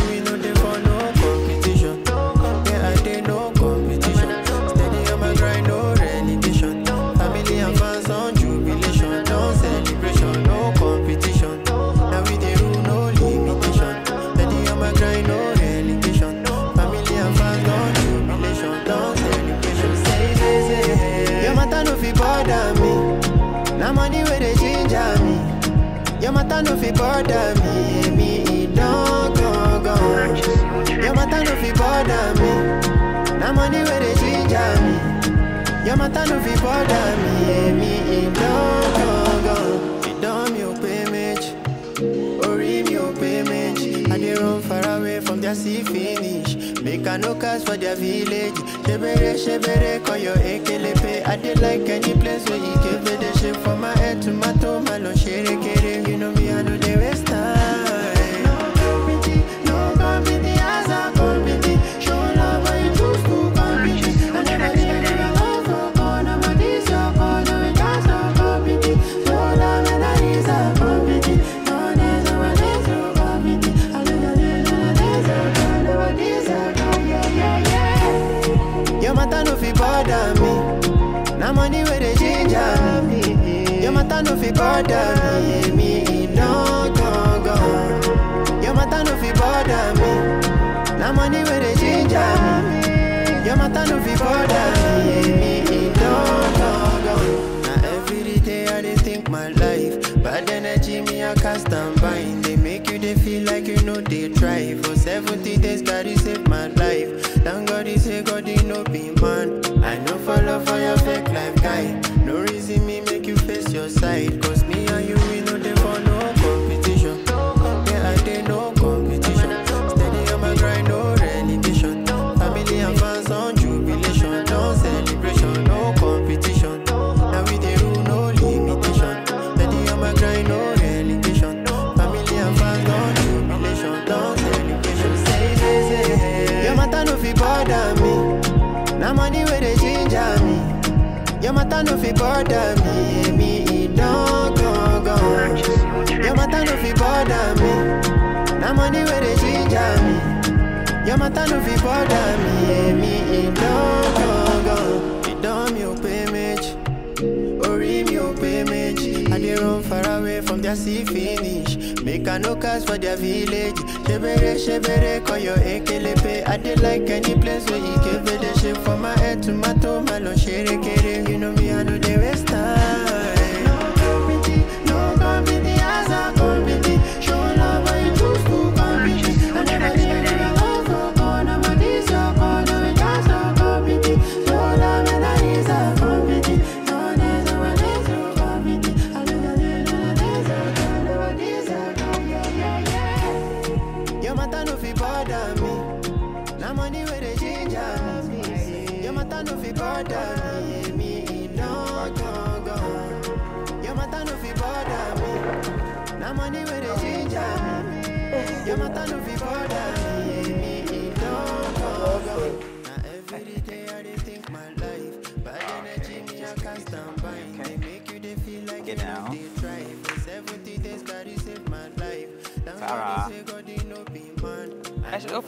Speaker 2: matter no fi bother me, me don't go gone. Your matter no fi bother me, na money where they ginger me. Your matter no fi bother me, me don't go gone. It don't me pay much, ori me pay much. I dey run far away from their sea finish, make a no cast for their village. Shebere, shebere, call your ekelepe. I did like any place where you give it a shape. From my head to my toe, my lo shere kere. You know me, I know they waste time. me, Your no fi bother me, money me. Your no fi bother me, me every day I dey think my life, energy me I They make you feel like you know they try. For God my life. say no be man. I follow for your fake life guy. No reason me make your side. Cause me and you, we know they for no competition. Yeah, I did no competition. Steady on my grind, no relegation. Family and fans on jubilation. No celebration, no competition. Now we they rule, no limitation. Steady on my grind, no relegation. Family and fans on jubilation. No celebration. Say, say, say. Your matter no fi bother me. Now money where they ginger me. Your matter no fi bother me. matter no be bother me, me it don't go go. It don't me pay or ori me pay match. I dey run far away from their sea finish. Make a no cast for their village. Shebere shebere call your ekelepe. I dey like any place where you give it a shape from my head to my toe, my lo shere kere. You know me, I know they waste.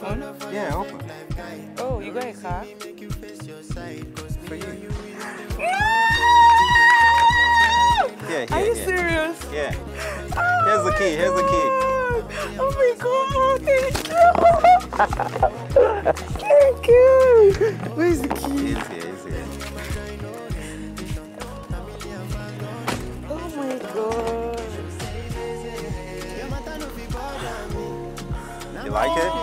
Speaker 2: open? Yeah, open. Oh, you got a car?
Speaker 1: For you. Yeah, yeah, Are you yeah. serious?
Speaker 2: Yeah. Oh Here's the key. Here's the key.
Speaker 1: Oh my god!
Speaker 2: Thank you. Thank you. Where's the key? It's here. It's here. Oh my god! You like it?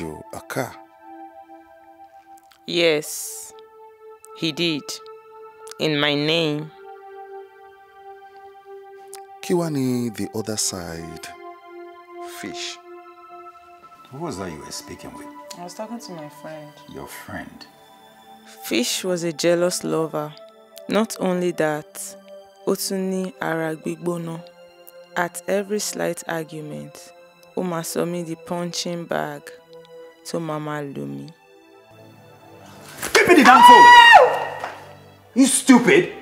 Speaker 3: you a car?
Speaker 6: Yes, he did. In my name.
Speaker 3: Kiwani, the other side, fish.
Speaker 6: Who was that you were speaking with? I was talking to my friend. Your friend? Fish was a jealous lover. Not only that, ó tún At every slight argument, ó máa sọ mí punching bag. to Mama Lumi. Give me the damn phone!
Speaker 4: You stupid!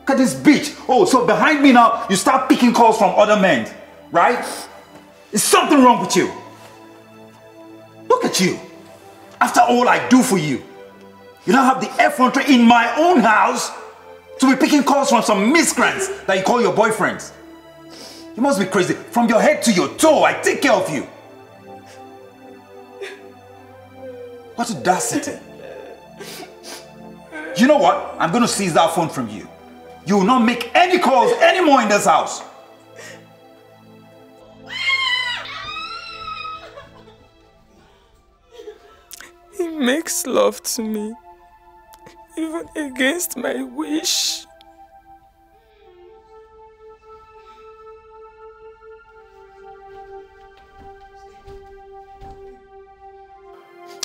Speaker 4: Look at this bitch! Oh, so behind me now, you start picking calls from other men, right? Is something wrong with you? Look at you! After all I do for you, you now have the effrontery in my own house to be picking calls from some miscreants that you call your boyfriends. You must be crazy. From your head to your toe, I take care of you. What audacity! you know what? I'm going to seize that phone from you. You will not make any calls anymore in this house.
Speaker 6: He makes love to me, even against my wish.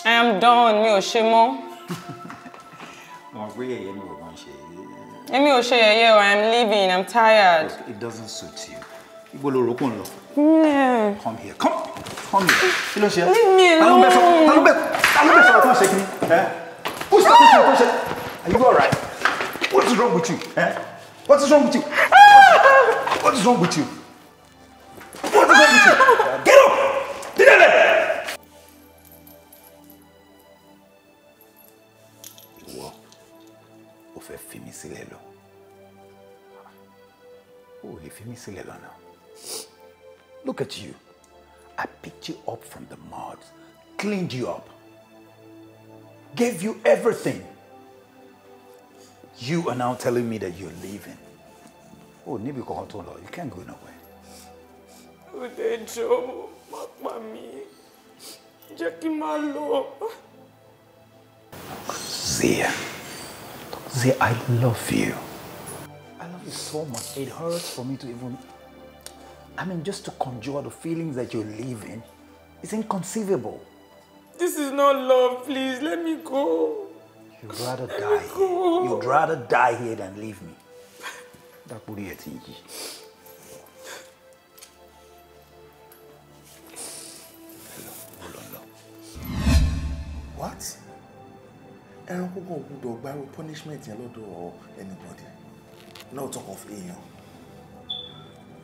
Speaker 6: I am done, mi ò ṣe mọ́.
Speaker 4: Mo gbé yẹ̀yẹ́ mi ò máa ṣe yẹ̀yẹ́.
Speaker 6: Èmi ò ṣe yẹ̀yẹ́ o, I am leaving, I am tired.
Speaker 4: Look, it doesn't suit you. Ibo lo rògbòn lọ. Come here, come, come here. Kí ló ṣe? Leave me alone. Taló bẹ sọ̀rọ̀, taló bẹ taló bẹ sọ̀rọ̀ tó ń ṣe kí ni? Eh? Who's that person tó ń ṣe? Are you alright? What is wrong with you? Eh? What is wrong with you? Ah! What is wrong with you? Miss Ilegana, look at you. I picked you up from the mud, cleaned you up, gave you everything. You are now telling me that you're leaving. Oh, Nibi Kohontolo, you
Speaker 6: can't
Speaker 1: go nowhere. Udejo, me,
Speaker 6: Jackie Malo.
Speaker 4: Zia, Zia, I love you is so much. It hurts for me to even, I mean, just to conjure the feelings that you're leaving. It's inconceivable.
Speaker 6: This is not love, please. Let me go.
Speaker 4: You'd rather Let die.
Speaker 6: You'd
Speaker 4: rather die here than leave me. That would be a thing.
Speaker 3: What? Ẹranko kan ò gbúdọ̀ gbárù punishment yẹn lọ́dọ̀ anybody. No talk of èèyàn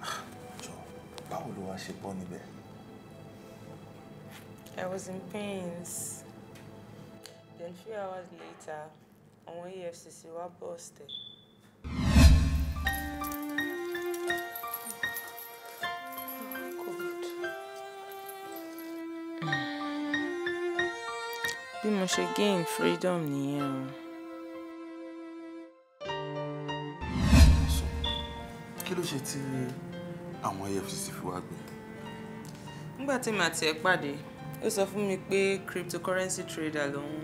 Speaker 3: ah, jọ báwo ló wá ṣe bọ́ níbẹ̀.
Speaker 6: I was in pains. Then few hours later, àwọn EFCC wá bọ́ọ̀sì. bí mo ṣe gain freedom nìyẹn o. kí ló ṣe tí
Speaker 3: àwọn efcc fi wá gbé.
Speaker 6: nígbà tí màá tiẹ̀ pàdé ó sọ fún mi pé cryptocurrency trader lòun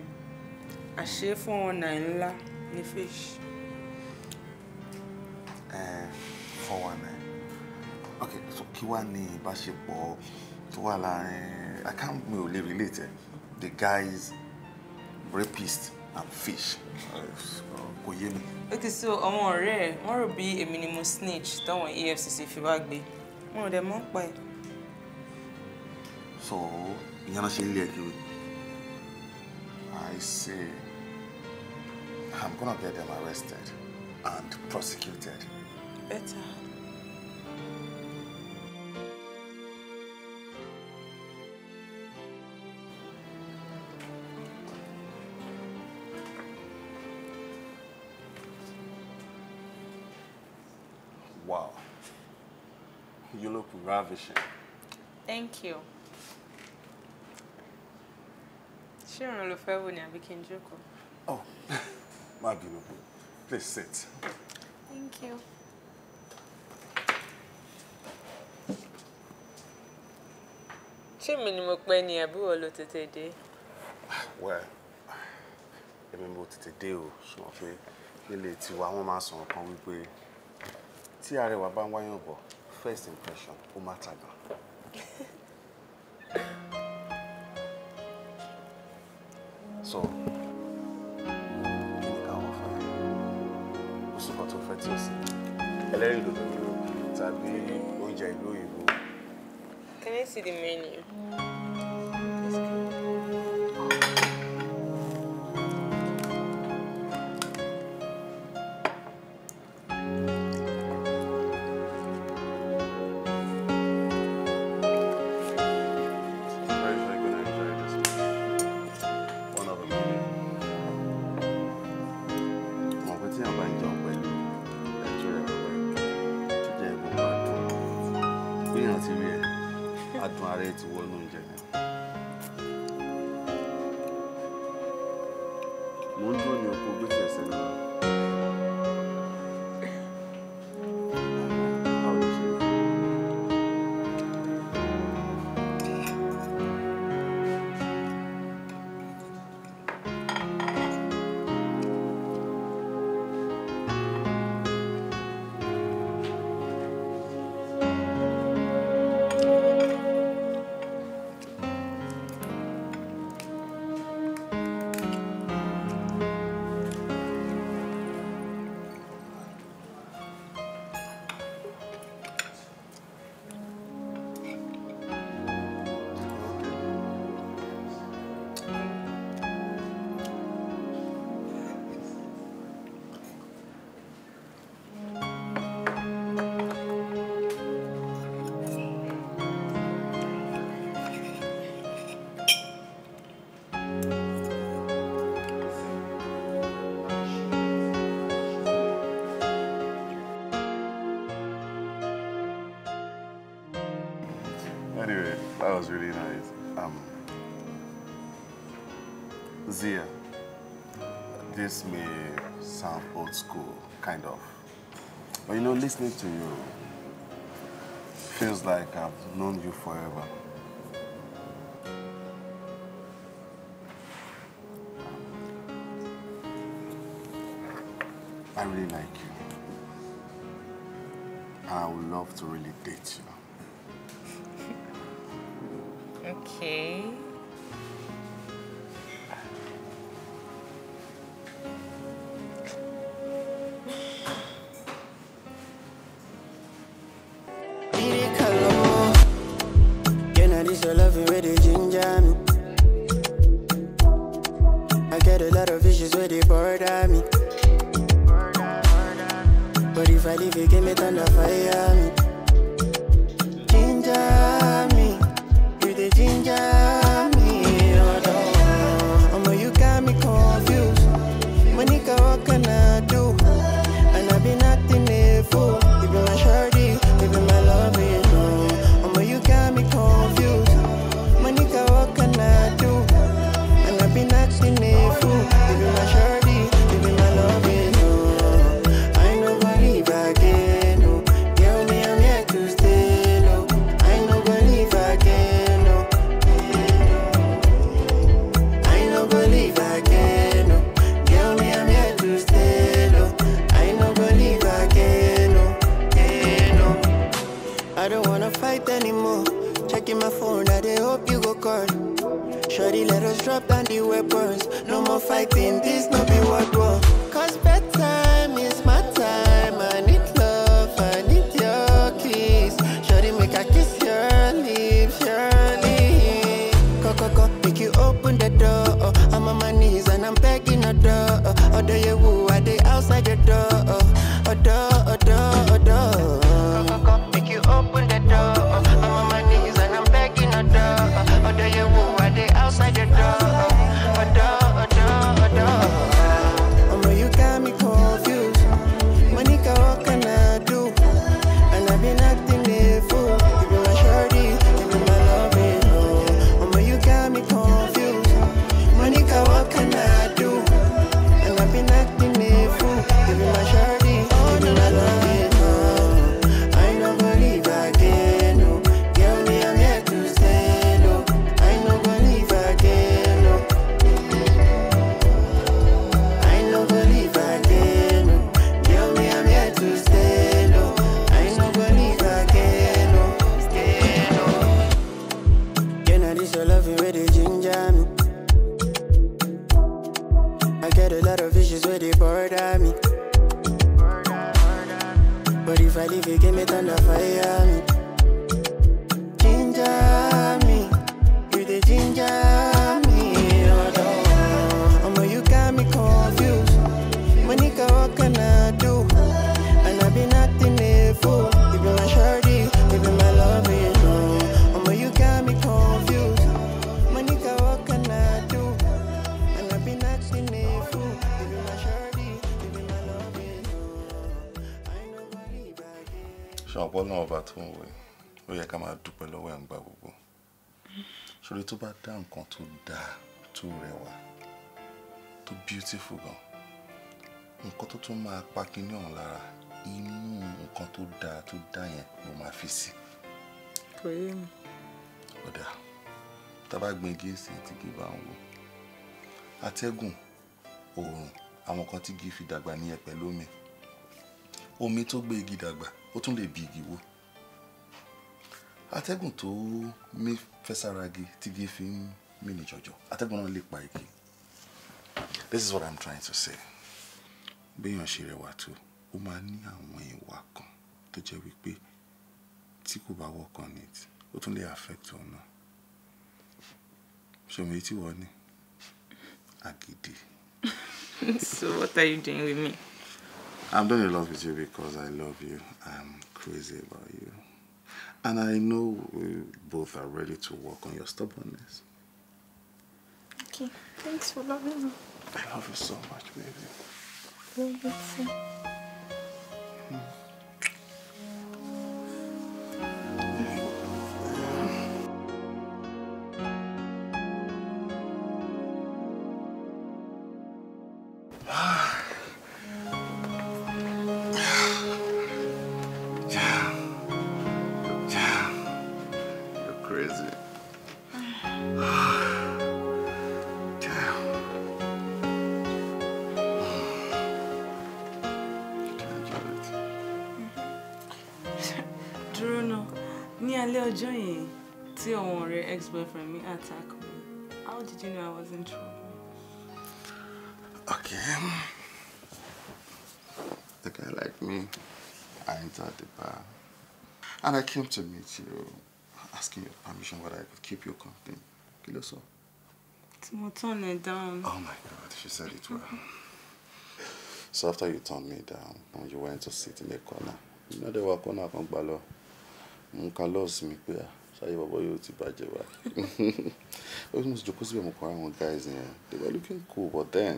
Speaker 6: àṣé fún ọ̀nà ńlá ní fish. ẹ
Speaker 1: four one nine
Speaker 3: Okay, so kí wàá ní ìbáṣepọ̀ tó wà láàrin i can't mi ò lè relate the guys rapist and fish. Uh, so kò yé mi.
Speaker 6: ok so ọmọ ọ̀rẹ́ ẹ̀ wọ́n rò bí èmi ni mo snitch táwọn EFCC fi wá gbé wọn ò dẹ̀ mọ́ pa ẹ̀.
Speaker 3: so ìyẹn náà ṣe ń lé ẹ kiri I say I'm gonna get them arrested and prosecuted. better. ravishing.
Speaker 6: Thank you. Ṣé ìrìn Oh,
Speaker 3: má Please sit.
Speaker 6: Thank you. Ṣé mi ni mo pẹ́ ni àbí wọ́n ló tètè dé?
Speaker 3: Well, èmi mo tètè dé o, ṣùgbọ́n pé nílé tiwa wọ́n máa sọ̀rọ̀ kan wípé tí arẹwà bá ń wáyàn first impression ó má so kí ni ká wọ́n fún yẹn ó sì kàn
Speaker 6: Can I see the menu? Excuse me.
Speaker 3: was really nice. Um, Zia, this may sound old school, kind of. But you know, listening to you feels like I've known you forever. I really like you. I would love to really date you.
Speaker 2: Shorty, let us drop down the weapons. No more fighting, this no be what war. Cause bedtime is my time. I need love, I need your kiss. Shorty, make I kiss your lips, your lips. Go, go, go, make you open the door. I'm on my knees and I'm begging a door. All day you woo, I day outside your door.
Speaker 3: tó dáa tó rẹwà tó beautiful gan nǹkan tó tún máa pa kinní ọ̀hún lára inú nǹkan tó dáa tó dá yẹn ló máa fi sí. kò yé mi. ó dáa tá a bá gbin igi èsì tí kì í bá ń wò atẹ́gùn oòrùn àwọn kan tí igi fi dàgbà nìyẹn pẹ̀lú omi omi tó gbé igi dàgbà ó tún lè bi igi wó atẹ́gùn tó mí fẹ́ igi tí igi fi ń mi ni jọjọ atẹ́gùn náà lè pa igi this is what i'm trying to say béèyàn ṣe rẹwà tó ó máa ní àwọn ìwà kan tó jẹ́ wípé tí kò bá work on it ó tún lè affect òun náà ṣòwò etí wọ́n ní
Speaker 6: agídí. so what are you doing
Speaker 1: with me.
Speaker 3: i'm doing a lot with you because i love you i'm crazy about you and i know we both are ready to work on your stubbornness.
Speaker 1: Thanks for loving me.
Speaker 3: I love you so much, baby.
Speaker 1: Love you too. Mm.
Speaker 6: attack me? How did you know I was in trouble? Okay.
Speaker 3: The guy like me, I entered the bar. And I came to meet you, asking your permission whether I could keep you company. Kí ló sọ?
Speaker 6: Tí mo down. Oh my
Speaker 3: God, she said it well. so after you turned me down, you went to sit in a corner. You know the corner kan gbà lọ. Mo kà ṣáyé bọ̀bọ̀ yóò ti bàjẹ́ wa ó ní mo ti jòkó síbẹ̀ mo kọ́ àwọn guys yẹn they were looking cool but then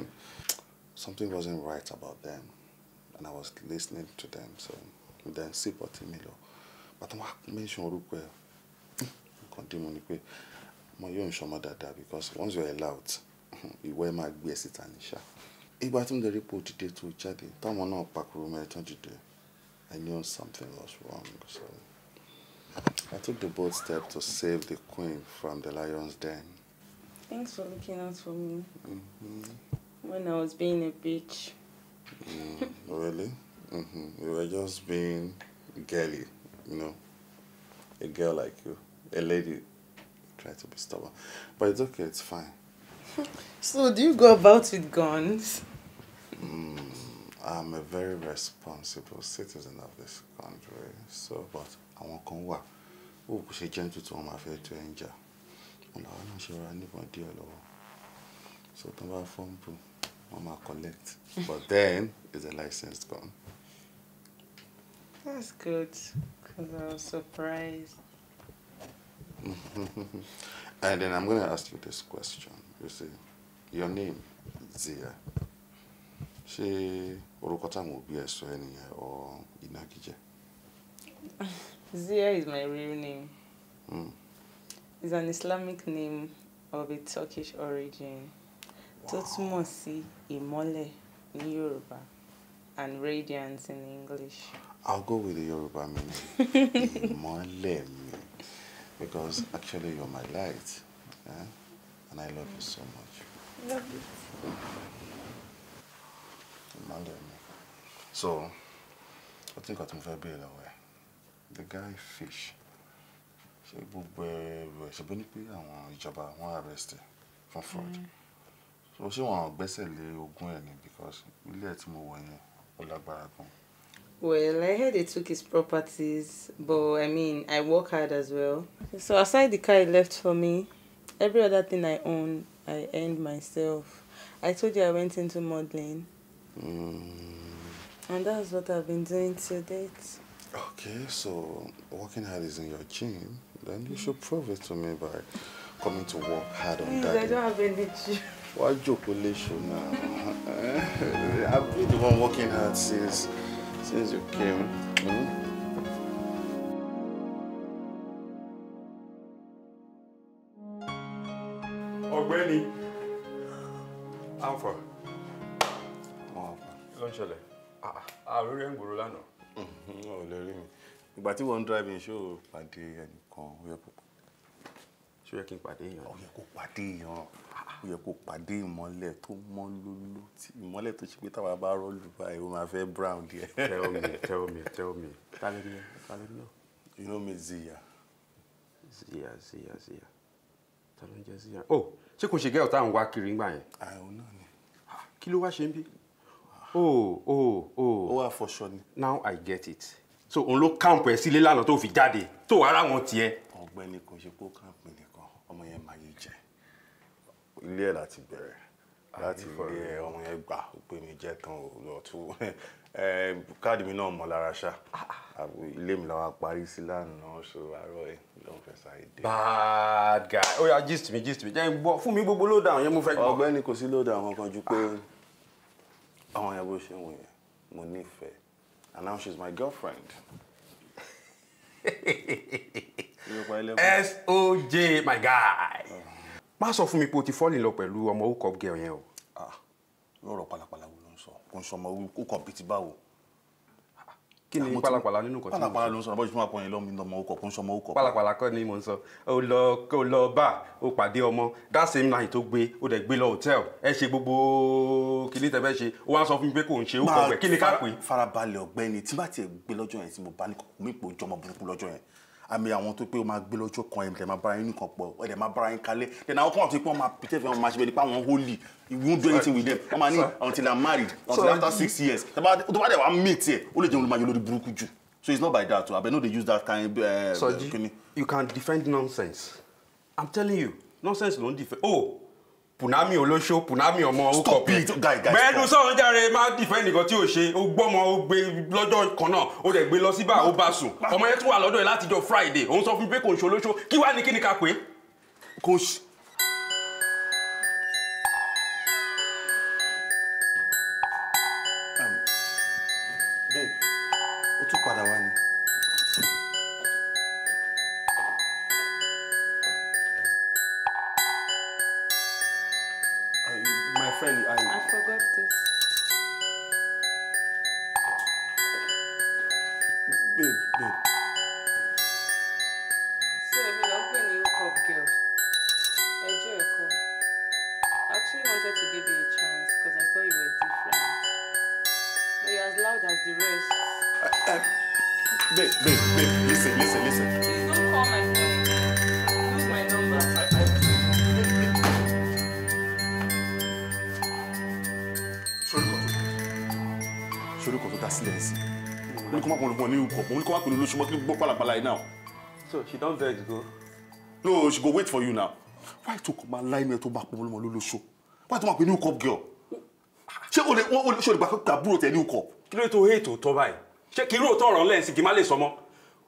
Speaker 3: something wasn't right about them and I was listening to them so then sí pọ̀tí mi lọ bàtà wọn mention orúkọ continue nǹkan dí mo ni pé mo yóò ń ṣọmọ because once you are allowed ìwọ ẹ máa gbé ẹ síta ní ṣá ìgbà tí mo lè rí pé òdìdé tó jáde táwọn náà pàkúrò mẹ́rin tán I knew something was wrong so. I took the bold step to save the queen from the lion's den.
Speaker 6: Thanks for looking out for me. Mm -hmm. When I was being a bitch.
Speaker 3: Mm, really? Mm -hmm. You were just being girly, you know. A girl like you, a lady, try to be stubborn. But it's okay, it's fine.
Speaker 6: so, do you go about with guns?
Speaker 3: Mm, I'm a very responsible citizen of this country, so, but àwọn kan wà ó kò ṣe jẹ́ tuntun wọn máa fẹ́ tó ẹ̀ ń jà làwọn náà ṣe ra níbọn díẹ̀ lọ́wọ́ so tó bá fọ́ǹbù wọn máa collect but then is a licensed gun.
Speaker 6: That's good because I was surprised.
Speaker 3: and then I'm gonna ask you this question. You see, your name, Zia. Ṣé orúkọ táwọn òbí ẹ̀ sọ ẹ́ nìyẹn ọ̀ ìnagijẹ?
Speaker 6: Zia is my real name. Mm. It's an Islamic name of a Turkish origin. Wow. Imole túmọ̀ sí and radiance in English.
Speaker 3: I'll go with the Yoruba meaning. Imole mi. Because actually you're my light. Yeah? And I love you so much. Love you. Ìmọ́lẹ̀ So, I think I can feel better the guy fish ṣe gbogbo ẹrù ẹ̀ ṣe bó ní pé àwọn ìjọba wọn arrest ẹ̀
Speaker 6: fún
Speaker 1: fraud mm.
Speaker 3: so ṣé wọn gbẹ́sẹ̀ lé ogún ẹ̀ ni because ilé ẹ̀ tí mo wọ̀ yẹn ó lágbára gan.
Speaker 6: Well, I heard they took his properties, but I mean, I work hard as well. So aside the car he left for me, every other thing I own, I earned myself. I told you I went into modeling.
Speaker 1: Mm.
Speaker 6: And that's what I've been doing till date.
Speaker 3: Okay, so working hard is in your gene. Then you should prove it to me by coming to work hard on that. Please, I don't
Speaker 6: have any gene.
Speaker 3: Why joke relation now? I've been the one working hard since since you came. Mm-hmm. Ọ̀gbẹ́ni Alfa. Ọmọ Alfa. Kí ló ń ṣẹlẹ̀? Àròrí ah, ah, ah, ẹ̀ ń gbòòrò ọ̀ lè mi ìgbà tí wọ́n drive in ṣó pàdé ẹnìkan ó yẹ kó ṣó yẹ kí n pàdé èèyàn. ó yẹ kó pàdé èèyàn ó yẹ kó pàdé ìmọ́lẹ̀ tó mọ́ lóló tí ìmọ́lẹ̀ tó ṣe pé táwa bá rọ́ọ̀lù báyìí ó máa fẹ́ brown díẹ̀. tell me tell me tell me tálẹ́ ní tálẹ́ you know me Ziya. Ziya Ziya Ziya ta jẹ Ziya. oh ṣé kò ṣe gẹ́ọ̀ táwọn wá kiri ńgbà yẹn. àìhùn náà ni. Ah, kí ló wá ṣe ń bí oh oh oh. ó wà fọṣọ ni. now i get it so òun ló kàǹpù ẹ sílé lánàá tó fi jáde tó ara wọn tiẹ. ọ̀gbẹ́ni kò ṣe kó kàǹpù nìkan ọmọ yẹn máa yé jẹ ilé ẹ láti bẹ̀rẹ̀ láti ilé ẹ ọmọ yẹn gbà ó pé mi jẹ tán ò lọ tún eh, káàdì mi náà mọ lára ṣá ilé mi làwọn parí sí lánàá ṣò àárọ̀ ẹ lọ fẹ́ sáré dé. bad guy ó yá gist mi gist mi jẹ́ n gbọ́ fún mi gbogbo ló dà àwọn yẹn mo fẹ́ gbọ́. ọ̀gbẹ́ni kò sí ló dà àwọn kan ju pé. Ah àwọn ìyàwó ṣe ń wò and now she's my girlfriend. SOJ my guy. má sọ fún mi pé o ti fọ́ọ̀lì lọ pẹ̀lú ọmọ hook up girl yẹn o. Ah, lọ́rọ̀ pálapàla wo ló ń hook up bíi ti Kini ni pálapàla nínú nǹkan tí mo sọ pálapàla ló ń sọ bọ́jú tí wọ́n akọrin lọ́mọ ìdánmọ̀ kó ń sọmọ okọ̀. pálapàla kọ́ ni mo ń sọ o lọ bá o pàdé ọmọ that same night tó gbé o dẹ̀ gbé lọ hòtẹ́ẹ̀l ẹ ṣe gbogbo kìíní tẹ́ fẹ́ ṣe o wá sọ fún mi pé kò ń ṣe okọ̀ rẹ̀ kí ni ká pè. farabalẹ̀ ọ̀gbẹ́ni tí bá tiẹ̀ gbé lọ́jọ́ yẹn tí mo bá ní kòkó mi pò jọmọ burúkú lọ́jọ́ yẹn àmì àwọn tó pé o máa gbé lọ́jọ́ kan ẹ̀mí ẹ̀má bára nìkan pọ̀ ẹ̀dẹ̀ máa bára yín kalẹ̀ then àwọn kan àti pé máa pété fún wọn máa nípa àwọn holy you won't do anything with them wọ́n máa ní until i'm married until after six years tó bá dẹ̀ wá mí tiẹ̀ ó lè jẹun olùmọ̀yọ́ lórí burúkú jù so it's not by that o abẹ no dey use that kind. Uh, you can defend nonsense i'm telling you nonsense ló ń defend oh punami olóṣó punami ọmọ orúkọ bí bẹẹnu sọ̀rọ̀ járe má dìfẹ́ nìkan tí o ṣe o gbọ́mọ o gbé lọ́jọ́ kan náà o dẹ̀ gbé lọ síbà o bá sùn ọmọ yẹn tún wà lọ́dọ̀ ẹ̀ látijọ́ Friday òun sọ fún mi pé kò ń ṣe olóṣó kí wàá ní kí ni ká pé. kò ṣe
Speaker 6: actually wanted to give you a chance because I thought you were different. But you're as loud as the rest. Uh,
Speaker 1: uh, babe, babe, babe, listen, listen, listen. Please don't call my phone Lose my number. I, I,
Speaker 3: sori kan tó dá sílẹ̀ ẹ̀sìn ó ní kó má pọn olùkọ́ ní ìwúkọ̀ ó ní kó má pọn olóṣùmọ́ kí gbọ́ pàlàpàlà yìí náà. so she don vex go. no she go wait for you now why tó kọ́ máa láì mẹ́ẹ̀ tó bá pọn olùmọ̀ lólóṣù wọ́n ti máa pè new ukop girl ṣé o lè wọ́n ṣe olùgbà pípa búrò tẹ̀ ní ukop. kí ló tó hate òótọ́ báyìí ṣé kí irú òótọ́ ọ̀rọ̀ lẹ́yìn sí kí n má lè sọmọ́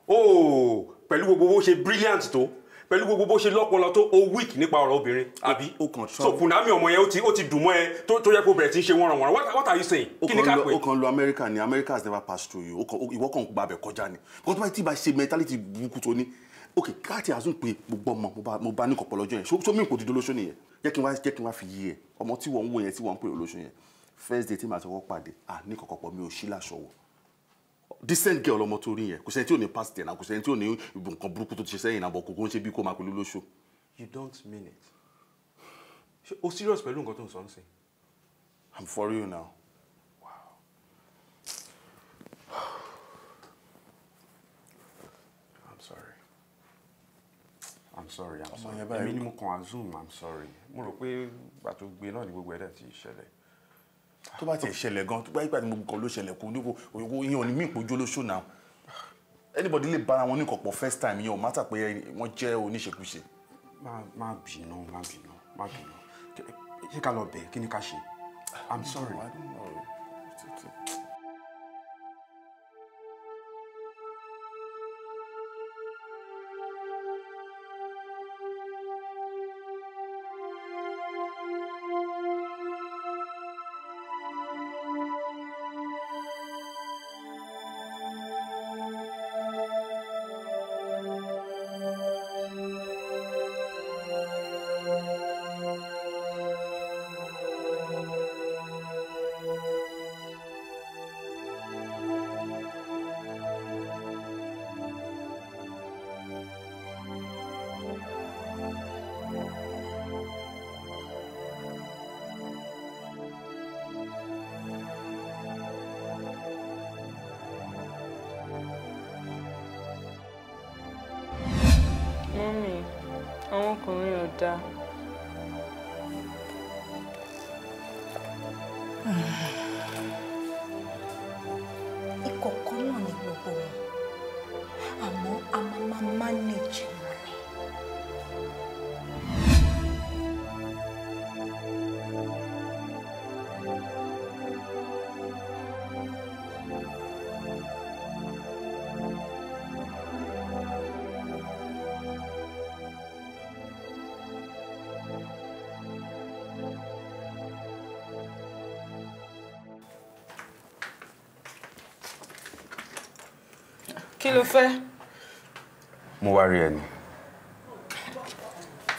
Speaker 3: ooo pẹ̀lú gbogbo bó ṣe brilliant tó pẹ̀lú gbogbo bó ṣe lọ́pọlọ tó o weak nípa ọ̀rọ̀ obìnrin àbí so funami ọmọ yẹn o ti dùn mọ́ ẹ tó yẹ kó bẹ̀rẹ̀ tí ń ṣe wọ́nranwọ́nran what, what are you saying kí ni ká pè. o kàn lo America ni America has never passed through you ìwọ kàn gbàbẹ̀ kọjá ni because tí ìbá ṣe mentality burúkú tó ní ok káàtì àzún pé gbogbo ọmọ mo bá ní kọ̀pọ̀ lọ́jọ́ yẹn ṣó mi kò dídó lóṣù nìyẹn jẹ́ kí n wá jẹ́ kí n wá fi yí ẹ ọmọ tí wọ́n ń wò yẹn tí wọ́n ń pè lóṣù yẹn first day tí màá tọwọ́ pàdé à ní kọ̀kọ̀pọ̀ mi ò sí láṣọwọ́ decent girl ọmọ tó rí yẹn kò sẹ́ni tí ò ní past ten kò sẹ́ni tí ò ní nǹkan burúkú tó ti ṣe sẹ́yìn you don't mean it. o serious pẹ̀lú nǹkan tó i'm for you now. i'm sorry i'm sorry èmi ni mo kàn assume i'm sorry mo rò pé ìgbà tó gbé náà ni gbogbo ẹ̀dẹ̀ ti ṣẹlẹ̀. tó bá ti ṣẹlẹ̀ gan tó bá yípa ni mo kàn ló ṣẹlẹ̀ kó níko òyìnbó ìyẹn ò ní mí ìpójú olóṣù náà anybody lè bára wọn ní kọ̀pọ̀ first time yẹn ò má tà pé wọ́n jẹ́ oníṣekúṣe. má bínú má bínú má bínú ṣé ká lọ bẹ̀ kí ni ká ṣe i'm sorry.
Speaker 6: vida. kí ló fẹ́? mo wá rí ẹ ni.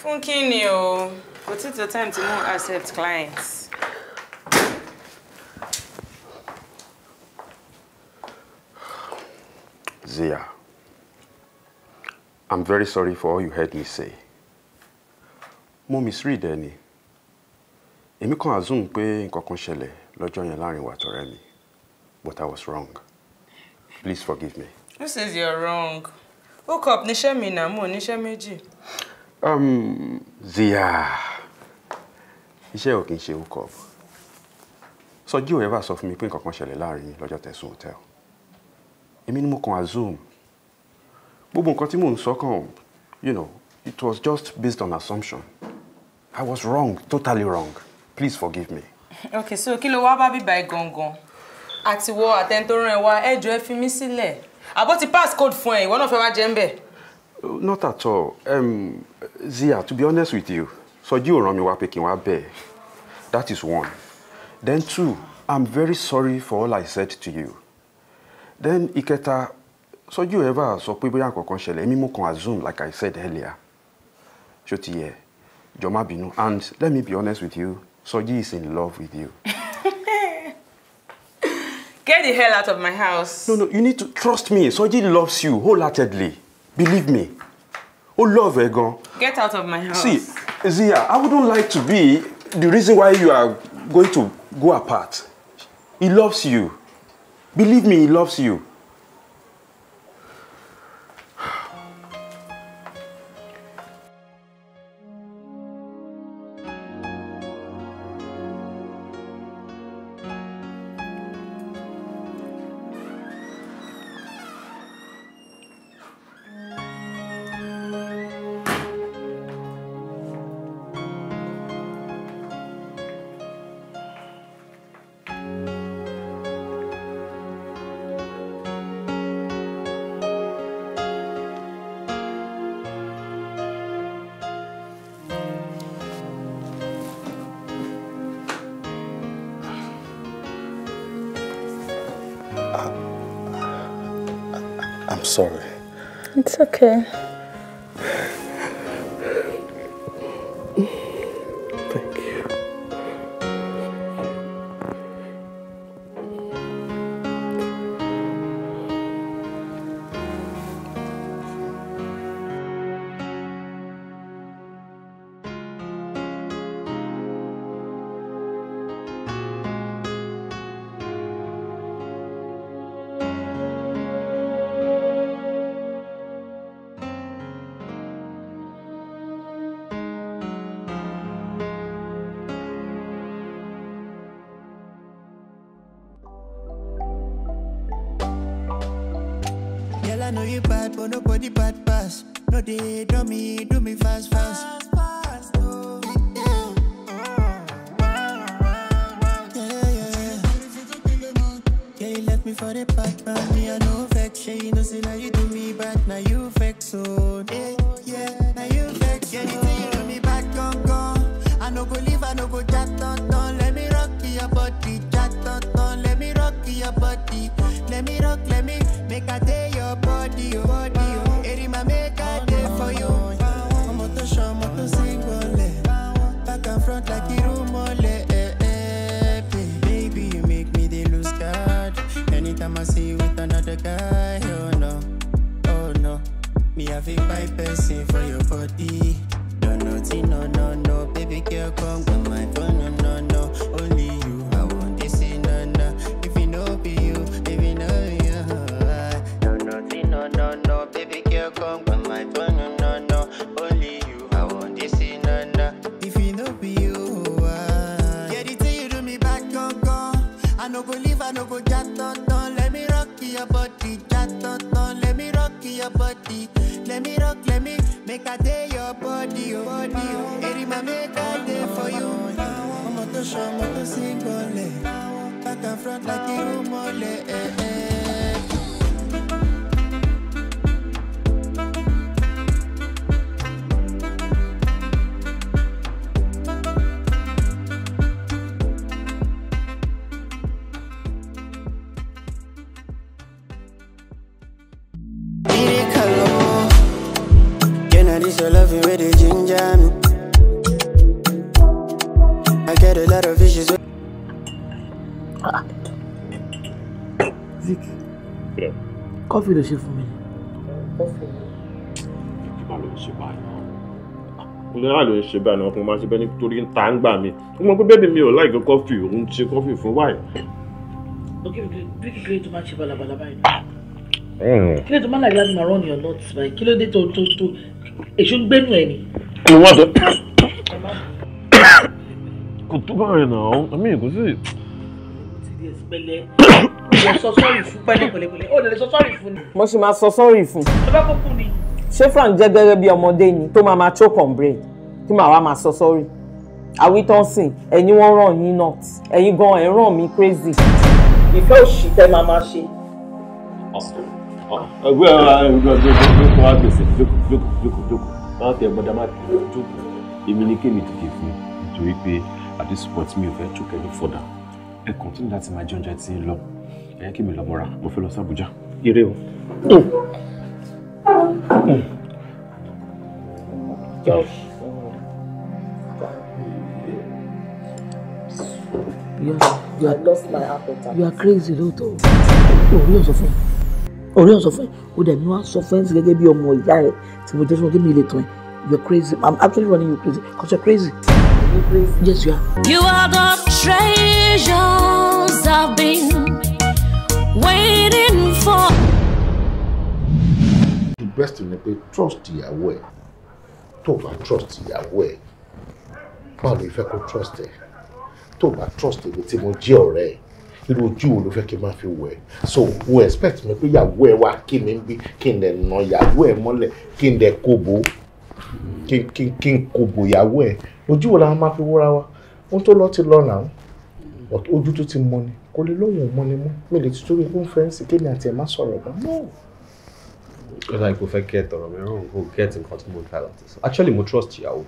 Speaker 6: fún kí ni o kò tí tó time to mo accept clients.
Speaker 3: Zia, I'm very sorry for all you heard me say. Mo misread ẹni. Èmi kàn assume pé nǹkan kan ṣẹlẹ̀ lọ́jọ́ yẹn láàrin wa tọ̀rẹ́ mi. But I was wrong. Please forgive me.
Speaker 6: Who says you're wrong? Hook up níṣẹ́ mi náà, mo níṣẹ́ méjì.
Speaker 3: Um, Zia, iṣẹ́ ò kì í ṣe hook up. Sọjí ò ever sọ fún mi pé nǹkan kan ṣẹlẹ̀ láàrin yín lọ́jọ́ tẹ̀sùn hotel. Èmi ni mo kàn assume. Gbogbo nǹkan tí mò you know, it was just based on assumption. I was wrong, totally wrong. Please forgive me.
Speaker 6: Okay, so kilo ló wá bá bíbá ẹ gangan? Àtiwọ́ àtẹ̀ntóran ẹ wá ẹjọ́ ẹ fi mí sílẹ̀ àbó ti pass code fún ẹ ìwọ náà fẹ́ wá jẹ́ ń
Speaker 3: not at all um, Zia to be honest with you Sọjí ò rán mi wá pé kí n wá that is one then two i'm very sorry for all i said to you then ìkẹta Sọjí ò ever sọ pé bóyá nǹkan kan ṣẹlẹ̀ èmi mo kàn assume like i said earlier ṣó ti yẹ jọ̀ọ́ má bínú and let me be honest with you Sọjí is in love with you.
Speaker 6: Get the hell out of my house.
Speaker 3: No, no, you need to trust me. Soji loves you wholeheartedly. Believe me. Oh, love Egon!
Speaker 6: Get out of my house. See,
Speaker 3: Zia, I wouldn't like to be the reason why you are going to go apart. He loves you.
Speaker 4: Believe me, he loves you.
Speaker 1: Maker.
Speaker 2: lè ṣe fún mi.
Speaker 4: ìjọba ló ń ṣe báyìí
Speaker 3: náà ah, ló ń ṣe báyìí náà ọkùnrin máa ń ṣe bẹ́ẹ̀ nítorí ń ta ń gbà mí wọ́n mọ̀ pé bẹ́ẹ̀ mi ò láìkẹ́ kọ́fì òun ṣe kọ́fì fún wáyé.
Speaker 5: bí kíkiri tó máa ń ṣe balabala báyìí. Mm. kí ló tó máa ń láyé láti máa rán ènìyàn náà tì báyìí kí ló dé tó tó tó èso ń gbénu ẹ̀ ni.
Speaker 3: mo wá tó
Speaker 4: lè sọ sọ́ọ̀rì fún pẹ̀lẹ́pẹ̀lẹ́ o lè sọ sọ́ọ̀rì fún ni. mo sì máa sọ sọ́ọ̀rì fún. tó bá kó kú ni.
Speaker 6: ṣé Frank jẹ́ gẹ́gẹ́ bí ọmọdé ni tó máa máa choke on bread tí màá wá máa sọ sọ́ọ̀rì àwítọ́sìn ẹ̀yin wọ́n ràn yín náà ẹ̀yin gan ẹ̀ ràn mí crazy. ìfẹ́ òṣì tẹ máa máa ṣe.
Speaker 3: ẹgbẹ́ ọ̀rọ̀ wa gbèsè jókòó jókòó jókòó jókòó máa tẹ ẹ̀gbọ́n dámà kì í jókòó èmi ni kémi dìde fún
Speaker 4: nítorí pé at this point mi ò fẹ́ jókòó ẹni fọ́dà ẹ kàn tí ní láti máa jẹ oúnjẹ tí ń lọ ẹ kí mi lọ mọ́ra mo fẹ́ lọ sí ire o.
Speaker 5: You are, my appetite. You are crazy lóòótọ́. Orí ọ̀sọ̀ fún Orí ọ̀sọ̀ fún O dẹ̀ mi wá sọ fún ẹ gẹ́gẹ́ bí ọmọ ìyá rẹ̀ tí mo jẹ́ fún ọ kí mi lè tán ẹ. You are crazy. I'm actually running you crazy because you are crazy. You are crazy. Yes, you are.
Speaker 1: You are the treasures I've been waiting for.
Speaker 3: the best ni pé trust ìyàwó ẹ tó trust ìyàwó ẹ báwo ló fẹ́ kó trust ẹ Toba trust èmi tí mo jẹ́ ọ̀rẹ́ ẹ irú ojú wo ló fẹ́ kí n máa fi wẹ̀ so we expect me pé ìyàwó ẹ wá kí mi bí kí n lè nà ìyàwó ẹ mọ́lẹ̀ kí n lè kóbo kí kí kí n kóbo ìyàwó ẹ ojú wo la máa fi wúra wa ohun tó lọ ti lọ náà ojú tó ti mọ ni kò lè lóhùn ọ̀mọ́ ni mú mi
Speaker 4: lè tutù rí kọ́nfẹ́rẹ́nsì kémi àti ẹ̀ má sọ̀rọ̀ gan.
Speaker 3: ó dà kó fẹ́ get ọ̀rọ̀ mi
Speaker 4: rán kó get nǹkan tí mo try láti sọ actually mo trust ìyàwó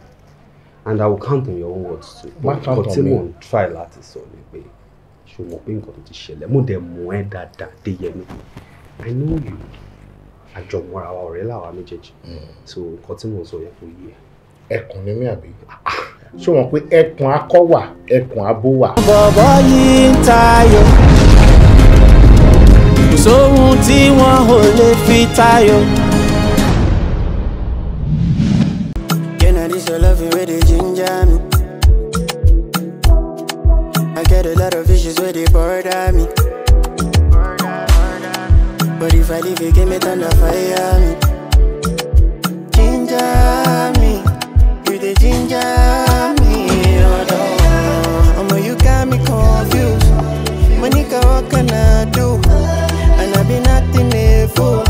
Speaker 4: and I will count on your own words too but nǹkan tí mo try láti sọ ni pé ṣo mọ̀ pé nǹkan tó ti ṣẹlẹ̀ mo dẹ̀ mọ̀ ẹ́ dáadáa dé yẹnu I know you àjọmọ́ra wa ọ̀rẹ́ làwa méjèèjì mm. so nǹkan tí mo sọ yẹ kó yé ẹkùn ni mí àbí ṣé wọn pé ẹkùn
Speaker 3: akọ wà ẹkùn abo wà.
Speaker 4: bọ̀bọ̀ yìí ń tayọ
Speaker 2: kò sóhun tí wọn ò lè fi tayọ. Can I dis your loving with the I get a lot of issues where they border me. But if I leave, you give me thunder fire me. Ginger me. the ginger me, oh no. you got me confused. Monica, what can I do? And I've been acting a fool.